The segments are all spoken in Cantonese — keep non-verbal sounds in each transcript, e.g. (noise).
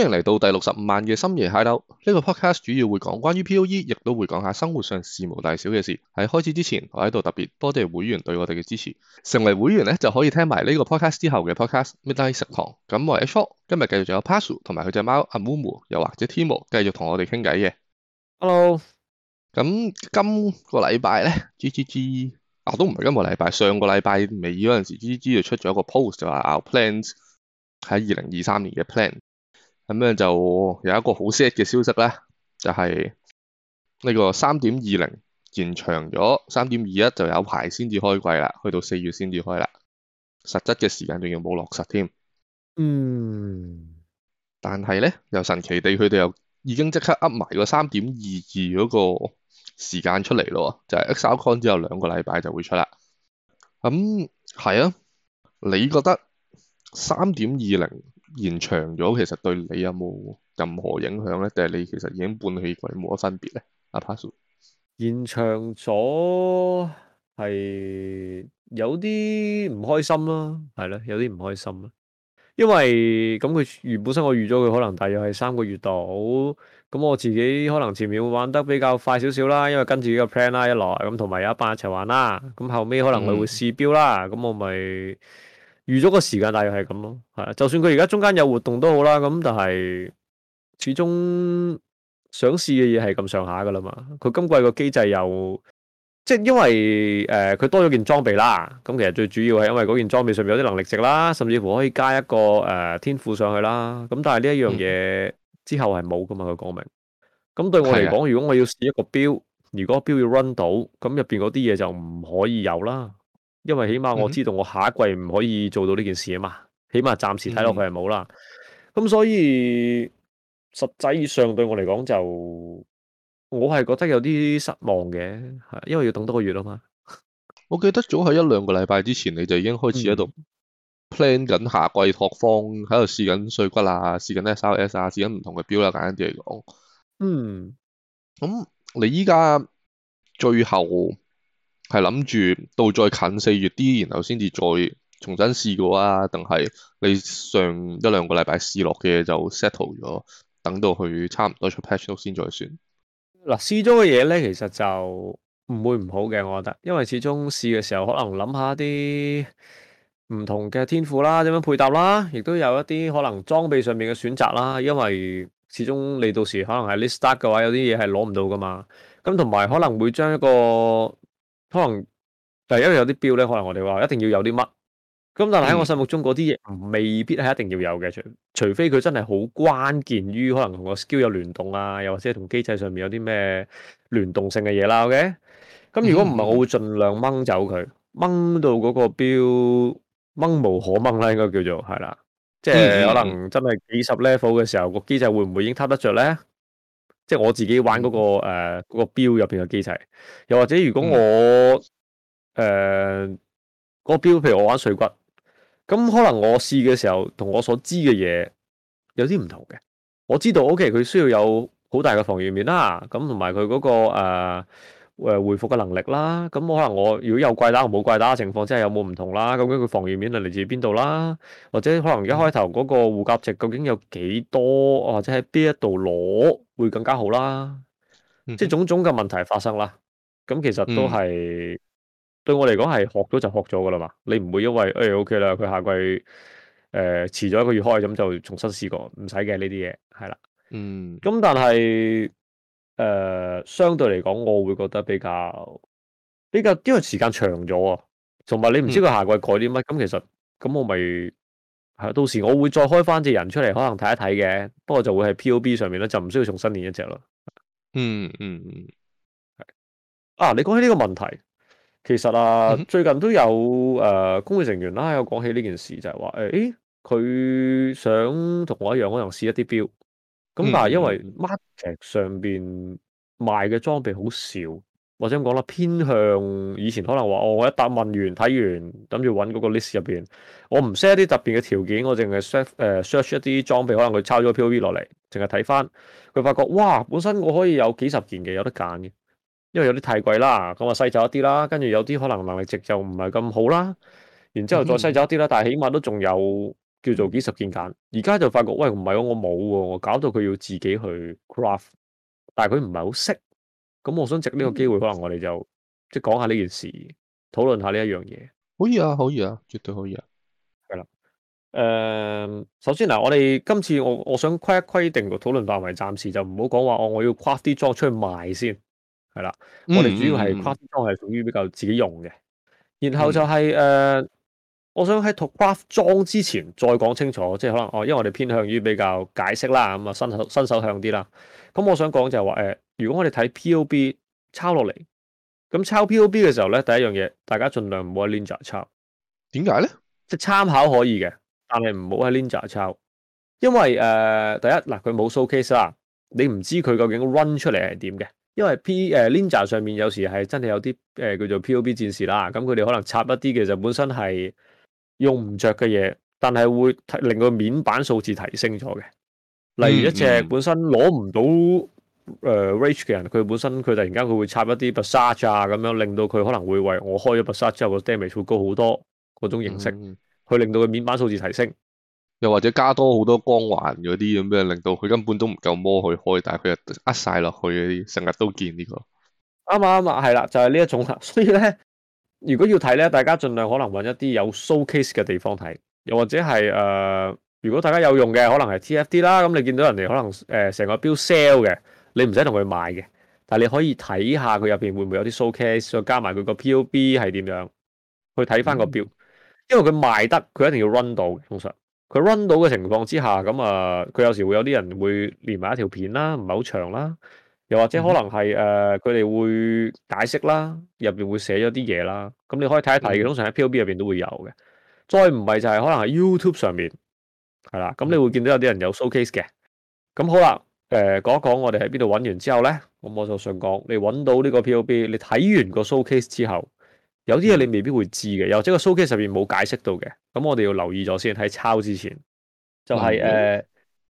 歡迎嚟到第六十五萬嘅深夜 Hideout。呢個 podcast 主要會講關於 POE，亦都會講下生活上事無大小嘅事。喺開始之前，我喺度特別多謝會員對我哋嘅支持。成為會員咧就可以聽埋呢個 podcast 之後嘅 podcast Midnight 食堂。咁我係 Eric 今日繼續有 Pazu 同埋佢隻貓阿 Moo Moo 又或者 Timo 繼續同我哋傾偈嘅。Hello，咁今個禮拜咧，G G G 啊，都唔係今個禮拜，上個禮拜尾嗰陣時，G G G 就出咗一個 post 就話 Our Plans 喺二零二三年嘅 plan。咁、嗯、咧就有一個好 sad 嘅消息咧，就係、是、呢個三點二零延長咗，三點二一就有排先至開季啦，去到四月先至開啦，實質嘅時間仲要冇落實添。嗯，但係咧又神奇地佢哋又已經即刻噏埋個三點二二嗰個時間出嚟咯，就係、是、ExileCon 之後兩個禮拜就會出啦。咁、嗯、係啊，你覺得三點二零延長咗，其實對你有冇任何影響咧？定係你其實已經半氣鬼冇乜分別咧？阿 Pazu 延長咗係有啲唔開心啦、啊，係啦，有啲唔開心啦、啊，因為咁佢原本身我預咗佢可能大約係三個月度，咁我自己可能前面會玩得比較快少少啦，因為跟住個 plan 啦，一來咁同埋有一班一齊玩啦，咁後尾可能佢會試標啦，咁、嗯、我咪。預咗個時間，大約係咁咯，係啊。就算佢而家中間有活動都好啦，咁但係始終想試嘅嘢係咁上下噶啦嘛。佢今季個機制又即係因為誒佢多咗件裝備啦，咁其實最主要係因為嗰件裝備上面有啲能力值啦，甚至乎可以加一個誒天賦上去啦。咁但係呢一樣嘢之後係冇噶嘛，佢講明。咁對我嚟講，如果我要試一個標，如果個標要 run 到，咁入邊嗰啲嘢就唔可以有啦。因為起碼我知道我下一季唔可以做到呢件事啊嘛，嗯、起碼暫時睇落去係冇啦。咁、嗯、所以實際上對我嚟講就我係覺得有啲失望嘅，因為要等多個月啊嘛。我記得早喺一兩個禮拜之前你就已經開始喺度 plan 緊下季拓荒，喺度試緊碎骨啊，試緊 SRS 啊，試緊唔同嘅表啦，簡單啲嚟講。嗯，咁你依家最後？係諗住到再近四月啲，然後先至再重新試過啊！定係你上一兩個禮拜試落嘅就 settle 咗，等到佢差唔多出 patch 先再算。嗱，試咗嘅嘢咧，其實就唔會唔好嘅，我覺得，因為始終試嘅時候可能諗下啲唔同嘅天賦啦，點樣配搭啦，亦都有一啲可能裝備上面嘅選擇啦，因為始終你到時可能係 league start 嘅話，有啲嘢係攞唔到噶嘛。咁同埋可能會將一個。可能，但係因為有啲標咧，可能我哋話一定要有啲乜，咁但係喺我心目中嗰啲嘢，未必係一定要有嘅，除除非佢真係好關鍵於可能同個 skill 有聯動啊，又或者係同機制上面有啲咩聯動性嘅嘢啦，ok。咁如果唔係，我會盡量掹走佢，掹到嗰個標掹無可掹啦，應該叫做係啦，即係可能真係幾十 level 嘅時候，個機制會唔會已經撻得著咧？即係我自己玩嗰、嗰個誒嗰個標入邊嘅機制，又或者如果我誒嗰、呃嗰個標，譬如我玩碎骨，咁可能我試嘅時候同我所知嘅嘢有啲唔同嘅。我知道 OK，佢需要有好大嘅防禦面啦，咁同埋佢嗰個、呃誒回復嘅能力啦，咁可能我如果有怪打同冇怪打嘅情況之下有冇唔同啦，咁究竟佢防禦面嚟自邊度啦，或者可能一開頭嗰個護甲值究竟有幾多，或者喺邊一度攞會更加好啦，嗯、即係種種嘅問題發生啦。咁其實都係、嗯、對我嚟講係學咗就學咗噶啦嘛，你唔會因為誒、哎、OK 啦，佢下季誒、呃、遲咗一個月開咁就重新試過，唔使嘅呢啲嘢係啦。嗯，咁但係。誒、呃，相對嚟講，我會覺得比較比較，因為時間長咗啊，同埋你唔知佢下季改啲乜，咁、嗯、其實咁我咪係到時，我會再開翻隻人出嚟，可能睇一睇嘅。不過就會喺 POB 上面咧，就唔需要重新練一隻咯。嗯嗯嗯，啊，你講起呢個問題，其實啊，嗯、最近都有誒公會成員啦、啊，喺度講起呢件事，就係話咦，佢想同我一樣，可能試一啲標。咁但係因為 market 上邊賣嘅裝備好少、嗯，或者咁講啦，偏向以前可能話哦，我一答問完睇完，諗住揾嗰個 list 入邊，我唔 set 一啲特別嘅條件，我淨係 search 誒 search 一啲裝備，可能佢抄咗 P.O.V 落嚟，淨係睇翻，佢發覺哇，本身我可以有幾十件嘅，有得揀嘅，因為有啲太貴啦，咁啊篩走一啲啦，跟住有啲可能能力值就唔係咁好啦，然之後再篩走一啲啦、嗯，但係起碼都仲有。叫做幾十件揀，而家就發覺，喂，唔係喎，我冇喎，我搞到佢要自己去 craft，但係佢唔係好識，咁我想藉呢個機會，嗯、可能我哋就即係講下呢件事，討論下呢一樣嘢。可以啊，可以啊，絕對可以啊。係啦、呃，首先嗱，我哋今次我我想規一規定個討論範圍，暫時就唔好講話我我要 craft 啲裝出去賣先，係啦，我哋主要係 craft 啲裝係屬於比較自己用嘅、嗯，然後就係、是、誒。嗯呃我想喺套 craft 裝之前再講清楚，即係可能哦，因為我哋偏向於比較解釋啦，咁啊新手新手向啲啦。咁我想講就係話，誒、呃，如果我哋睇 POB 抄落嚟，咁抄 POB 嘅時候咧，第一樣嘢，大家盡量唔好喺 Ninja 抄。點解咧？即係參考可以嘅，但係唔好喺 Ninja 抄，因為誒、呃，第一嗱，佢、呃、冇 showcase 啦，你唔知佢究竟 run 出嚟係點嘅。因為 P 誒、呃、Ninja 上面有時係真係有啲誒、呃、叫做 POB 戰士啦，咁佢哋可能插一啲其實本身係。用唔着嘅嘢，但係會令個面板數字提升咗嘅。例如一隻本身攞唔到誒 rage 嘅人，佢本身佢突然間佢會插一啲 bash 啊咁樣，令到佢可能會為我開咗 bash 之後個 damage 會高好多嗰種形式。佢、嗯、令到佢面板數字提升，又或者加多好多光環嗰啲咁樣，令到佢根本都唔夠魔去開，但係佢又扼曬落去成日都見呢、這個。啱啊啱啊，係啦、啊啊，就係呢一種啦，所以咧。如果要睇咧，大家盡量可能搵一啲有 showcase 嘅地方睇，又或者係誒、呃，如果大家有用嘅，可能係 TFT 啦，咁你見到人哋可能成、呃、個 build sell 嘅，你唔使同佢買嘅，但你可以睇下佢入面會唔會有啲 showcase，再加埋佢個 POB 係點樣，去睇翻個 build、嗯，因為佢賣得，佢一定要 run 到，通常佢 run 到嘅情況之下，咁啊，佢、呃、有時會有啲人會連埋一條片啦，唔係好長啦。又或者可能係誒佢哋會解釋啦，入面會寫咗啲嘢啦，咁你可以睇一睇、嗯、通常喺 POB 入面都會有嘅，再唔係就係可能喺 YouTube 上面係啦。咁你會見到有啲人有 showcase 嘅。咁好啦，誒、呃、講一講我哋喺邊度揾完之後咧，咁我就想講你揾到呢個 POB 你睇完個 showcase 之後，有啲嘢你未必會知嘅，又或者個 showcase 入面冇解釋到嘅，咁我哋要留意咗先喺抄之前，就係、是嗯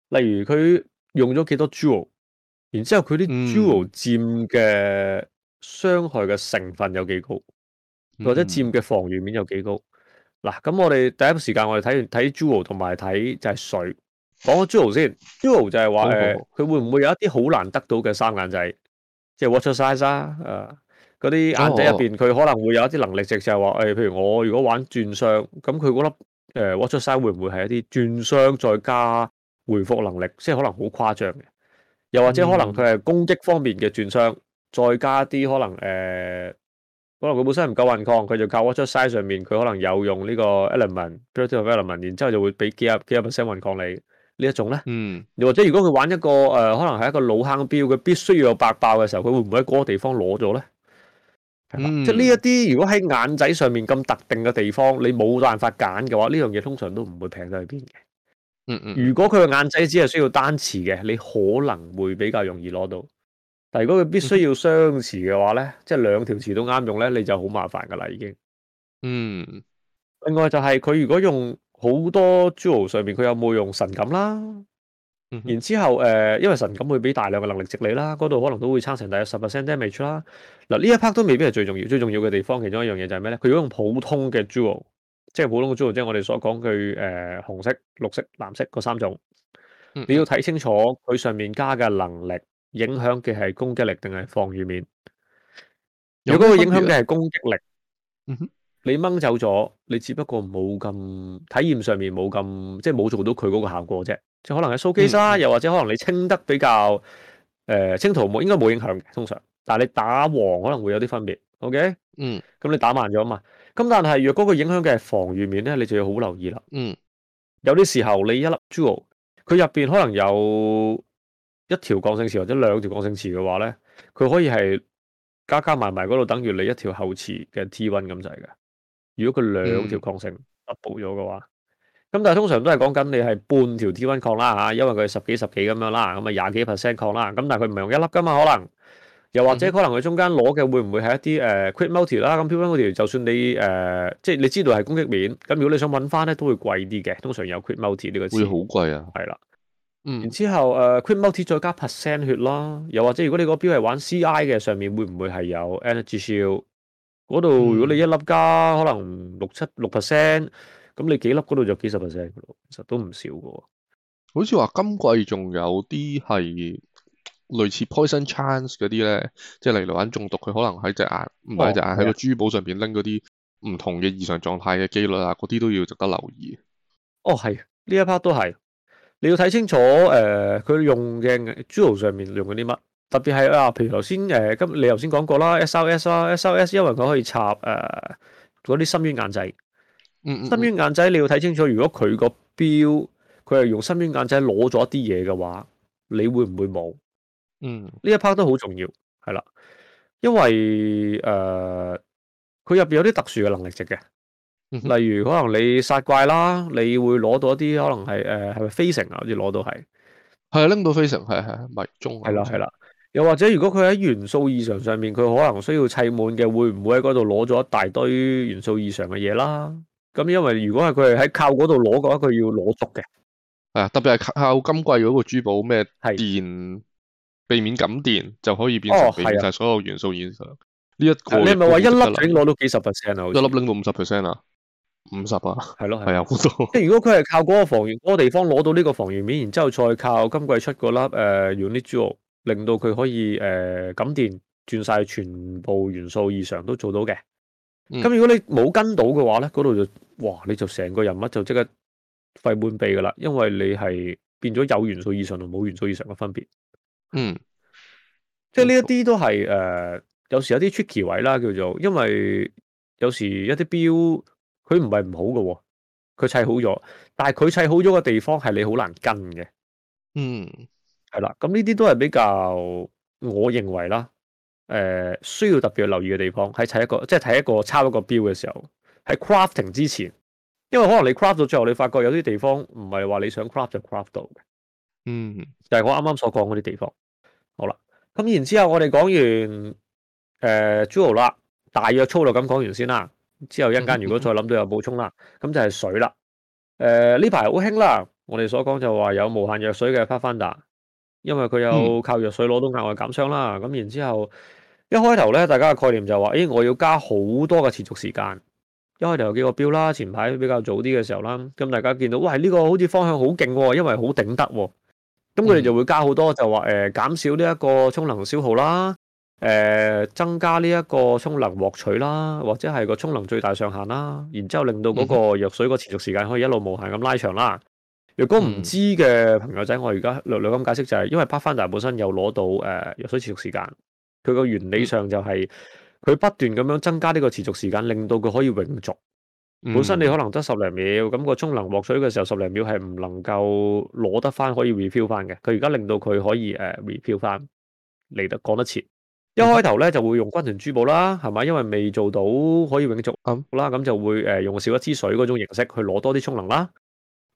呃、例如佢用咗幾多 Jewel。然之後佢啲 Jewel 佔嘅傷害嘅成分有幾高、嗯，或者佔嘅防禦面有幾高？嗱、嗯，咁我哋第一時間我哋睇睇 Jewel 同埋睇就係水，講個 Jewel 先。Jewel 就係話誒，佢、呃、會唔會有一啲好難得到嘅三眼仔，即係 Watcher's Eye 啊？嗰、呃、啲眼仔入邊佢可能會有一啲能力值就是說，就係話誒，譬如我如果玩轉傷，咁佢嗰粒誒 Watcher's Eye 會唔會係一啲轉傷再加回復能力，即係可能好誇張嘅？又或者可能佢係攻擊方面嘅轉傷，再加啲可能誒，可能佢本身唔夠運抗，佢就靠 Watcher's Eye 上面，佢可能有用呢個 element，Purity of Elements，然之後就會俾幾啊幾啊 percent 運抗你呢一種咧。嗯，又或者如果佢玩一個誒，可能係一個老坑標嘅，必須要有白爆嘅時候，佢會唔會喺嗰個地方攞咗咧？即係呢一啲，如果喺眼仔上面咁特定嘅地方，你冇辦法揀嘅話，呢樣嘢通常都唔會平到去邊嘅。嗯嗯，如果佢個眼仔只係需要單詞嘅，你可能會比較容易攞到。但係如果佢必須要雙詞嘅話咧， (laughs) 即係兩條詞都啱用咧，你就好麻煩噶啦已經。嗯， (laughs) 另外就係、是、佢如果用好多 jewel 上面，佢有冇用神感啦？ (laughs) 然之後誒、呃，因為神感會俾大量嘅能力值你啦，嗰度可能都會差成大約十 percent damage 啦。嗱呢一 part 都未必係最重要，最重要嘅地方，其中一樣嘢就係咩咧？佢如果用普通嘅 jewel。即係普通嘅珠，即係我哋所講佢誒紅色、綠色、藍色嗰三種，嗯、你要睇清楚佢上面加嘅能力，影響嘅係攻擊力定係防禦面。如果佢影響嘅係攻擊力，你掹走咗，你只不過冇咁體驗上面冇咁，即係冇做到佢嗰個效果啫。即係可能係蘇基沙，又或者可能你清得比較誒、呃、清圖冇，應該冇影響嘅通常。但係你打黃可能會有啲分別。OK，嗯，咁你打慢咗嘛？咁但係若果佢影響嘅係防禦面咧，你就要好留意啦。嗯，有啲時候你一粒珠，佢入邊可能有一條抗性池或者兩條抗性池嘅話咧，佢可以係加加埋埋嗰度等於你一條後池嘅 T one 咁滯嘅。如果佢兩條抗性 double 咗嘅話，咁、嗯、但係通常都係講緊你係半條 T one 抗啦嚇，因為佢十幾十幾咁樣啦，咁啊廿幾 percent 抗啦，咁但係佢唔係用一粒噶嘛可能。又或者可能佢中間攞嘅會唔會係一啲誒 crit multi 啦？咁 crit 就算你誒、呃，即係你知道係攻擊面，咁如果你想揾翻咧，都會貴啲嘅。通常有 crit multi 呢個詞會好貴啊，係啦，嗯然。然、呃、之後誒 crit multi 再加 percent 血咯。又或者如果你個標係玩 CI 嘅上面，會唔會係有 energy shield？嗰度如果你一粒加、嗯、可能六七六 percent，咁你幾粒嗰度就幾十 percent，其實都唔少嘅喎。好似話今季仲有啲係。類似 poison chance 嗰啲咧，即係例如玩中毒，佢可能喺隻眼唔係隻眼喺、哦、個珠寶上邊拎嗰啲唔同嘅異常狀態嘅機率啊，嗰啲都要值得留意。哦，係呢一 part 都係你要睇清楚誒，佢、呃、用嘅珠寶上面用咗啲乜？特別係啊，譬如頭先誒，今、呃、你頭先講過啦，s r s 啦，s r s，因為佢可以插誒嗰啲深淵眼仔、嗯嗯，深淵眼仔你要睇清楚。如果佢個標佢係用深淵眼仔攞咗啲嘢嘅話，你會唔會冇？嗯，呢一 part 都好重要，係啦，因為誒佢入邊有啲特殊嘅能力值嘅、嗯，例如可能你殺怪啦，你會攞到一啲可能係誒係咪飛城啊？好似攞到係係拎到飛城，係係迷蹤係啦係啦，又或者如果佢喺元素異常上面，佢可能需要砌滿嘅，會唔會喺嗰度攞咗一大堆元素異常嘅嘢啦？咁因為如果係佢係喺靠嗰度攞嘅話，佢要攞足嘅，係啊，特別係靠今季嗰個珠寶咩電係。避免感電就可以變成變曬，哦啊、所有元素以上呢一個。你係咪話一粒已攞到幾十 percent 啊？一粒拎到五十 percent 啊？五十啊？係咯，係啊，好多，啊。即係、啊啊啊啊、 (laughs) 如果佢係靠嗰個防禦嗰個地方攞到呢個防禦面，然之後再靠今季出嗰粒誒、呃、unique jewel 令到佢可以誒感、呃、電轉晒全，全部元素以上都做到嘅。咁、嗯、如果你冇跟到嘅話咧，嗰度就哇你就成個人物就即刻廢半臂噶啦，因為你係變咗有元素以上同冇元素以上嘅分別。嗯，即係呢一啲都係誒、呃，有時有啲 tricky 位啦，叫做因為有時一啲 build 佢唔係唔好嘅，佢砌好咗，但係佢砌好咗嘅地方係你好難跟嘅。嗯，係啦，咁呢啲都係比較我認為啦，誒、呃，需要特別留意嘅地方喺砌一個，即係睇一個抄一個 build 嘅時候，喺 crafting 之前，因為可能你 craft 到最後，你發覺有啲地方唔係話你想 craft 就 craft 到嘅。嗯，就係、是、我啱啱所講嗰啲地方，好啦，咁然之後我哋講完誒 Jewel 啦，大約粗略咁講完先啦，之後一陣間如果再諗到有補充啦，咁、嗯、就係水啦，誒呢排好興啦，我哋所講就話有無限藥水嘅 Pathfinder 因為佢有靠藥水攞到額外減傷啦，咁然之後一開頭咧，大家嘅概念就話，誒、哎、我要加好多嘅持續時間，一開頭有幾個標啦，前排比較早啲嘅時候啦，咁大家見到，哇呢、這個好似方向好勁，因為好頂得、哦。咁佢哋就會加好多，就話誒、呃、減少呢一個充能消耗啦，誒、呃、增加呢一個充能獲取啦，或者係個充能最大上限啦，然之後令到嗰個藥水個持續時間可以一路無限咁拉長啦。若果唔知嘅朋友仔，嗯、我而家略略咁解釋就係，因為 Pathfinder 本身有攞到誒、呃、藥水持續時間，佢個原理上就係佢不斷咁樣增加呢個持續時間，令到佢可以永續。嗯、本身你可能得十零秒，咁、嗰個充能獲取嘅時候十零秒係唔能夠攞得翻可以 refill 翻嘅，佢而家令到佢可以誒 refill 翻嚟得講得切、嗯。一開頭咧就會用軍團珠寶啦，係咪？因為未做到可以永續咁啦，咁、嗯、就會誒、呃、用少一支水嗰種形式去攞多啲充能啦。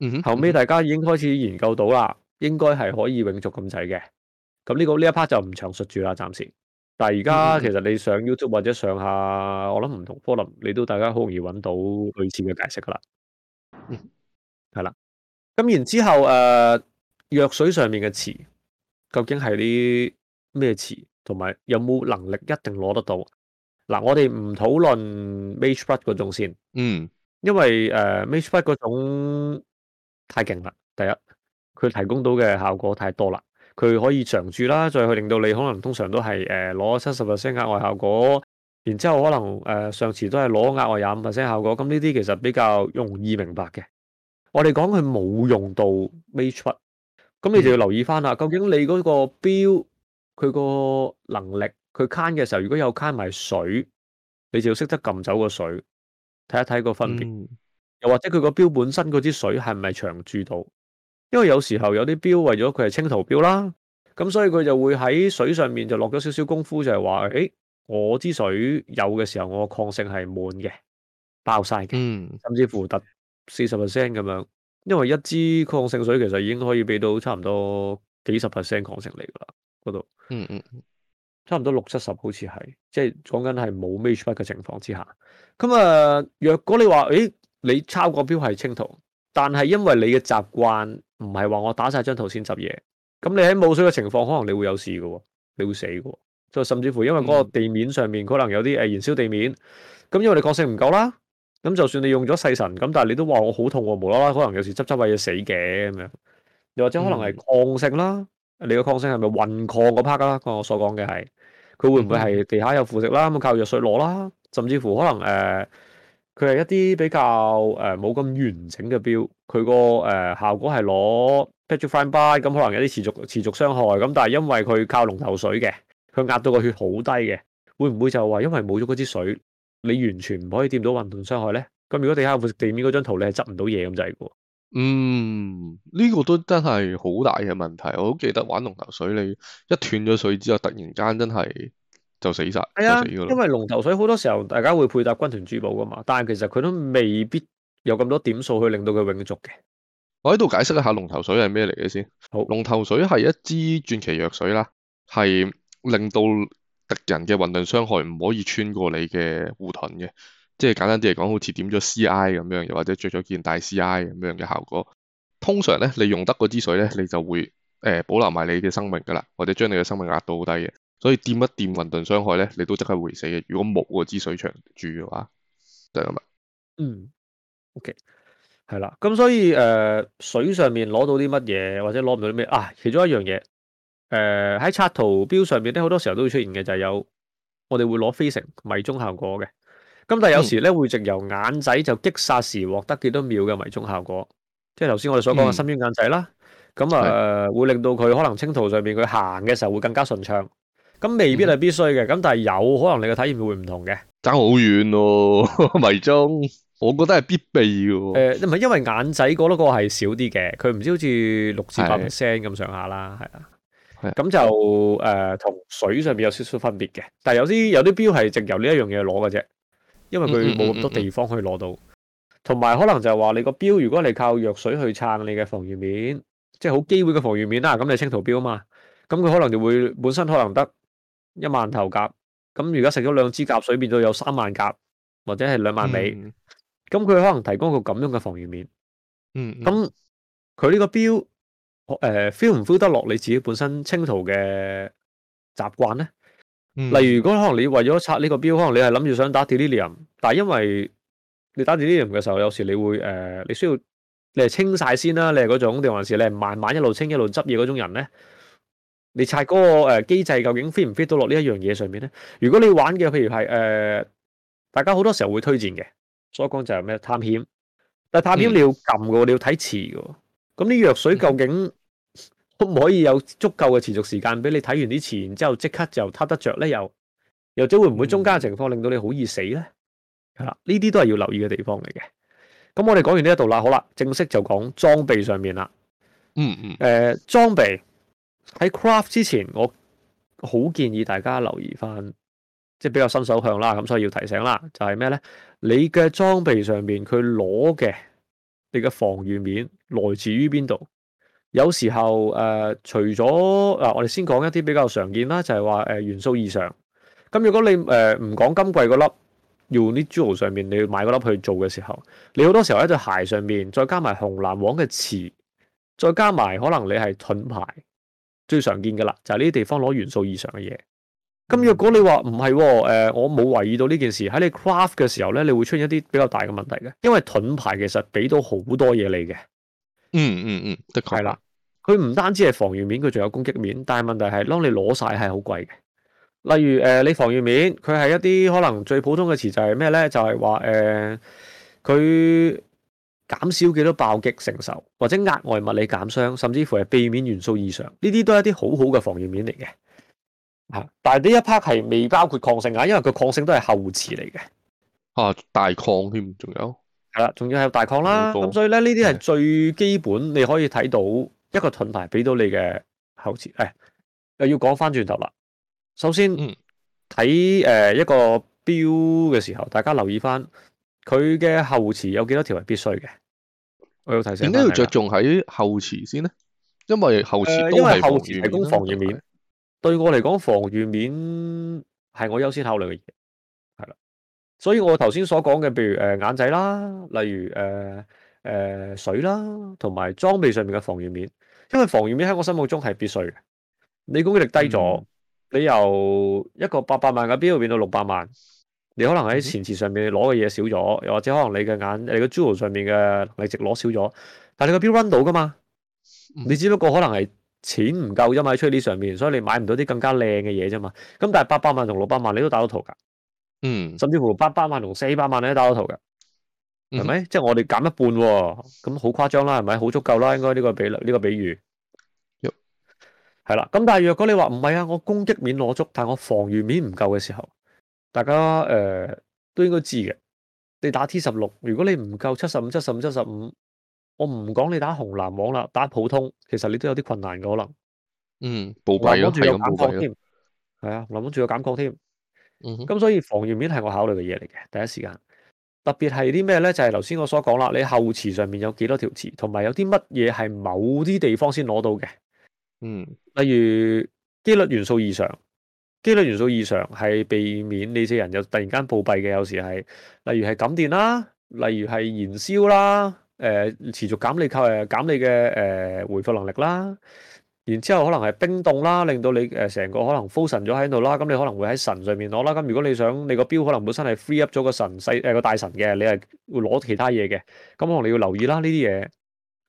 嗯哼、嗯，後尾大家已經開始研究到啦，應該係可以永續咁滯嘅。咁呢、呢個呢一 part 就唔詳述住啦，暫時。但係而家其實你上 YouTube 或者上下，嗯、我諗唔同科林，你都大家好容易揾到類似嘅解釋噶啦，係 (laughs) 啦。咁然之後誒，藥、呃、水上面嘅詞究竟係啲咩詞，同埋有冇能力一定攞得到？嗱，我哋唔討論 Mageblood 嗰種先，嗯，因為誒、呃、Mageblood 嗰種太勁啦，第一佢提供到嘅效果太多啦。佢可以長住啦，再去令到你可能通常都係誒攞七十 percent 額外效果，然之後可能誒、呃、上次都係攞額外廿五 percent 效果，咁呢啲其實比較容易明白嘅。我哋講佢冇用到 measure 咁你就要留意翻啦、嗯。究竟你嗰個表佢個能力，佢 cal 嘅時候如果有 cal 埋水，你就要識得撳走個水，睇一睇個分別、嗯。又或者佢個表本身嗰支水係唔係長住到？因為有時候有啲標為咗佢係青圖標啦，咁所以佢就會喺水上面就落咗少少功夫就是說，就係話誒，我支水有嘅時候，我抗性係滿嘅，爆晒嘅，甚至乎得四十 percent 咁樣。因為一支抗性水其實已經可以俾到差唔多幾十 percent 抗性嚟噶啦，嗰度，嗯嗯，差唔多六七十好似係，即係講緊係冇 match 筆嘅情況之下。咁啊、呃，若果你話誒，你抄個標係清圖。但係因為你嘅習慣唔係話我打曬張圖先執嘢，咁你喺冇水嘅情況，可能你會有事嘅喎，你會死嘅。就甚至乎因為嗰個地面上面可能有啲誒燃燒地面，咁因為你抗性唔夠啦，咁就算你用咗細神，咁但係你都話我好痛喎，無啦啦可能有時執執位要死嘅咁樣。又或者可能係抗性啦，你嘅抗性係咪混抗個 part 啦？我所講嘅係佢會唔會係地下有腐蝕啦？咁啊靠藥水攞啦，甚至乎可能誒。佢係一啲比較誒冇咁完整嘅標，佢個誒效果係攞 petrify bite 咁可能有啲持續持續傷害，咁但係因為佢靠龍頭水嘅，佢壓到個血好低嘅，會唔會就話因為冇咗嗰支水，你完全唔可以掂到混沌傷害咧？咁如果地下附地面嗰張圖你係執唔到嘢咁就係噶喎。嗯，呢個都真係好大嘅問題。我好記得玩龍頭水，你一斷咗水之後，突然間真係。就死曬、係啊、死㗎啦，因為龍頭水好多時候大家會配搭軍團珠寶噶嘛，但係其實佢都未必有咁多點數去令到佢永續嘅。我喺度解釋一下龍頭水係咩嚟嘅先。好，龍頭水係一支傳奇藥水啦，係令到敵人嘅混沌傷害唔可以穿過你嘅護盾嘅，即係簡單啲嚟講，好似點咗 CI 咁樣，又或者着咗件大 CI 咁樣嘅效果。通常咧，你用得嗰支水咧，你就會誒、呃、保留埋你嘅生命噶啦，或者將你嘅生命壓到好低嘅。所以掂一掂混沌傷害咧，你都即刻會死嘅。如果冇個支水撐住嘅話，就係、是、咁嗯，OK，係啦。咁所以誒、呃，水上面攞到啲乜嘢，或者攞唔到啲咩啊？其中一樣嘢，誒、呃，喺刷圖標上面咧，好多時候都會出現嘅，就係有我哋會攞飛成迷蹤效果嘅。咁但係有時咧、嗯、會藉由眼仔就擊殺時獲得幾多秒嘅迷蹤效果。即係頭先我哋所講嘅深淵眼仔啦。咁、嗯、啊、呃，會令到佢可能清圖上面佢行嘅時候會更加順暢。咁未必係必須嘅，咁但係有可能你嘅體驗會唔同嘅。爭好遠喎，迷蹤，我覺得係必備嘅。誒，唔係因為眼仔嗰度嗰個係少啲嘅，佢唔知好似六至八 percent 咁上下啦，係啊。咁就誒同水上面有少少分別嘅，但係有啲有啲標係直由呢一樣嘢攞嘅啫，因為佢冇咁多地方可以攞到，同埋可能就係話你個標，如果你靠藥水去撐你嘅防禦面，即係好基本嘅防禦面啦，咁你清圖標啊嘛，咁佢可能就會本身可能得。一萬頭甲，咁而家食咗兩支甲水，變咗有三萬甲，或者係兩萬尾，咁、嗯、佢可能提供一個咁樣嘅防禦面。嗯，咁佢呢個標，誒 feel 唔 feel 得落你自己本身清圖嘅習慣咧？例如如果可能你為咗拆呢個標，可能你係諗住想打 Delirium 但係因為你打 Delirium 嘅時候，有時你會誒、呃、你需要你係清晒先啦，你係嗰種，定還是你係慢慢一路清一路執嘢嗰種人咧？你拆嗰個誒機制究竟 fit 唔 fit 到落呢一樣嘢上面咧？如果你玩嘅，譬如係誒、呃，大家好多時候會推薦嘅，所講就係咩探險，但探險你要撳嘅，你要睇詞嘅，咁啲藥水究竟可唔可以有足夠嘅持續時間俾你睇完啲詞，然之後即刻就撻得着咧？又又者會唔會中間嘅情況令到你好易死咧？係、嗯、啦，呢啲都係要留意嘅地方嚟嘅。咁我哋講完呢一度啦，好啦，正式就講裝備上面啦。嗯嗯，誒、呃、裝備。喺 Craft 之前，我好建議大家留意翻，即係比較新手向啦，咁所以要提醒啦，就係咩咧？你嘅裝備上面佢攞嘅，你嘅防禦面來自於邊度？有時候誒、呃，除咗誒、呃，我哋先講一啲比較常見啦，就係話誒元素異常。咁如果你誒唔講金貴個粒，用啲 jewel 上面，你要買個粒去做嘅時候，你好多時候喺隻鞋上面，再加埋紅藍黃嘅瓷，再加埋可能你係盾牌。最常見嘅啦，就係呢啲地方攞元素異常嘅嘢。咁若果你話唔係，誒、呃，我冇懷疑到呢件事喺你 craft 嘅時候咧，你會出現一啲比較大嘅問題嘅。因為盾牌其實俾到好多嘢你嘅，嗯嗯嗯，嗯的確係啦。佢、嗯、唔單止係防禦面，佢仲有攻擊面。但係問題係，當你攞晒係好貴嘅。例如誒、呃，你防禦面，佢係一啲可能最普通嘅詞就係咩咧？就係話誒，佢、呃。減少幾多爆擊承受，或者額外物理減傷，甚至乎係避免元素異常，呢啲都係一啲好好嘅防禦面嚟嘅。吓，但係呢一 part 係未包括抗性啊，因為佢抗性都係後綴嚟嘅。啊，大抗添，仲有係啦，仲要係大抗啦。咁所以咧，呢啲係最基本你可以睇到一個盾牌俾到你嘅後綴。誒、哎，又要講翻轉頭啦。首先睇誒、嗯呃、一個 build 嘅時候，大家留意翻。佢嘅後池有幾多條係必須嘅？我有提醒點解要着重喺後池先咧？因為後池都係、呃、後池提供防御面，對我嚟講，防御面係我優先考慮嘅嘢。係啦，所以我頭先所講嘅，譬如誒、呃、眼仔啦，例如誒誒、呃呃、水啦，同埋裝備上面嘅防御面，因為防御面喺我心目中係必須嘅。你攻擊力低咗、嗯，你由一個八百萬嘅標度變到六百萬。你可能喺前池上面攞嘅嘢少咗，又、嗯、或者可能你嘅眼你嘅 Jewel 上面嘅力值攞少咗，但係你個表 run 到噶嘛？你只不過可能係錢唔夠啫嘛喺出呢上面，所以你買唔到啲更加靚嘅嘢啫嘛。咁但係八百萬同六百萬你都打到圖噶，嗯，甚至乎八百萬同四百萬你都打到圖噶，係、嗯、咪？即係我哋減一半、啊，咁好誇張啦，係咪？好足夠啦、啊，應該呢個比呢、這個比喻，係、嗯、啦。咁但係若果你話唔係啊，我攻擊面攞足，但係我防禦面唔夠嘅時候。大家誒都應該知嘅。你打 T 十六，如果你唔夠七十五、七十五、七十五，七十五，我唔講你打紅藍網啦，打普通，其實你都有啲困難嘅可能。嗯，暴斃啊，諗住有感覺添，係啊，諗住有感覺添。咁、嗯、所以防禦面係我考慮嘅嘢嚟嘅，第一時間。特別係啲咩咧？就係頭先我所講啦，你後池上面有幾多條池，同埋有啲乜嘢係某啲地方先攞到嘅。嗯，例如機率元素異常。機率元素異常係避免你啲人又突然間暴斃嘅。有時係例如係感電啦，例如係燃燒啦，誒、呃、持續減你靠誒減你嘅誒回復能力啦。然之後可能係冰凍啦，令到你誒成、呃、個可能 full 神咗喺度啦。咁你可能會喺神上面攞啦。咁如果你想你個標可能本身係 free up 咗個神細誒、啊、個大神嘅，你係會攞其他嘢嘅，咁可能你要留意啦，呢啲嘢，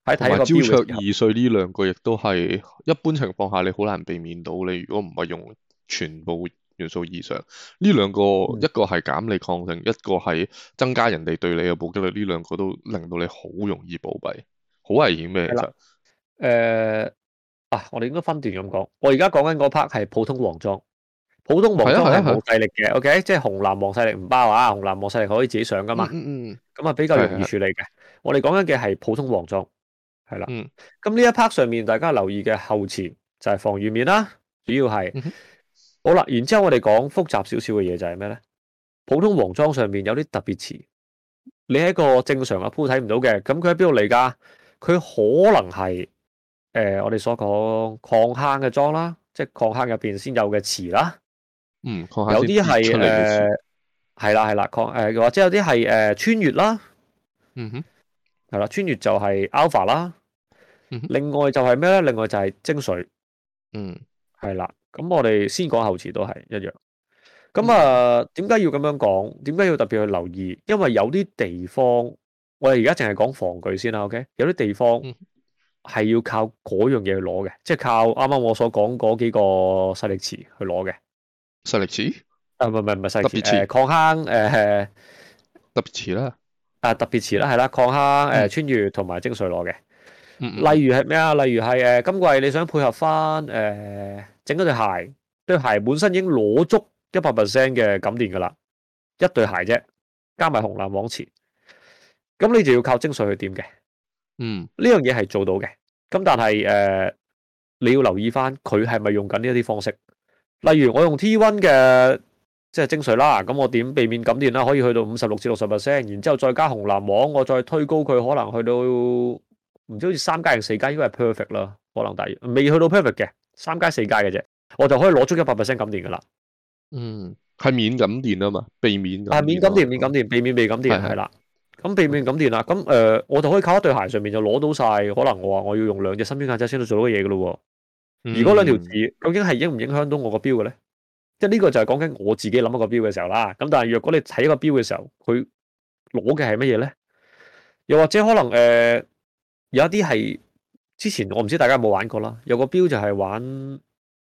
喺睇下焦灼易碎呢兩個，亦都係一般情況下你好難避免到你。你如果唔係用。全部元素以上，呢兩個、嗯、一個係減你抗性，一個係增加人哋對你嘅暴擊率。呢兩個都令到你好容易暴斃，好危險嘅。其實誒、呃，啊，我哋應該分段咁講。我而家講緊嗰 part 係普通黃裝，普通黃裝係冇勢力嘅。OK，即係紅藍黃勢力唔包啊，紅藍黃勢力可以自己上噶嘛。嗯嗯。咁啊，比較容易處理嘅。我哋講緊嘅係普通黃裝，係啦。嗯。咁呢一 part 上面大家留意嘅後前就係防禦面啦，主要係。嗯。好啦，然之後我哋講複雜少少嘅嘢就係咩咧？普通黃裝上面有啲特別詞，你喺個正常嘅鋪睇唔到嘅咁佢喺邊度嚟噶？佢可能係誒、呃、我哋所講礦坑嘅裝啦，即係礦坑入邊先有嘅詞啦。嗯，礦坑有啲係誒，係啦係啦礦誒，或、呃、者有啲係誒穿越啦。嗯哼，係啦，穿越就係 alpha 啦、嗯。另外就係咩咧？另外就係精髓。嗯，係啦。咁我哋先講後詞都係一樣。咁啊，點解要咁樣講？點解要特別去留意？因為有啲地方，我哋而家淨係講防具先啦。OK，有啲地方係要靠嗰樣嘢去攞嘅，即係靠啱啱我所講嗰幾個勢力詞去攞嘅。勢力詞？啊，唔係唔係勢力詞，礦坑誒特別詞啦、呃呃。啊，特別詞啦，係啦，礦坑誒穿、嗯呃、越同埋精髓攞嘅。例如係咩啊？例如係誒今季你想配合翻誒整嗰對鞋，對鞋本身已經攞足一百 percent 嘅感電噶啦，一對鞋啫，加埋紅藍網池，咁你就要靠精髓去點嘅。嗯，呢樣嘢係做到嘅。咁但係、呃、你要留意翻佢係咪用緊呢一啲方式。例如我用 T One 嘅即係精粹啦，咁我點避免感電啦？可以去到五十六至六十 percent，然之後再加紅藍網，我再推高佢，可能去到。唔知好似三階定四階，應該係 perfect 啦，可能大未去到 perfect 嘅，三階四階嘅啫，我就可以攞足一百 percent 感電噶啦。嗯，係免感電啊嘛，避免感啊，免感電，免感電、嗯，避免未感電，嗯嗯、避免感電係啦。咁避免感電啦，咁、呃、誒，我就可以靠一對鞋上面就攞到晒。可能我話我要用兩隻新編架指先到做到嘢嘅咯喎。如果兩條字究竟係影唔影響到我個標嘅咧？即係呢個就係講緊我自己諗一個標嘅時候啦。咁但係若果你睇一個標嘅時候，佢攞嘅係乜嘢咧？又或者可能誒？呃有一啲係之前我唔知大家有冇玩過啦，有個標就係玩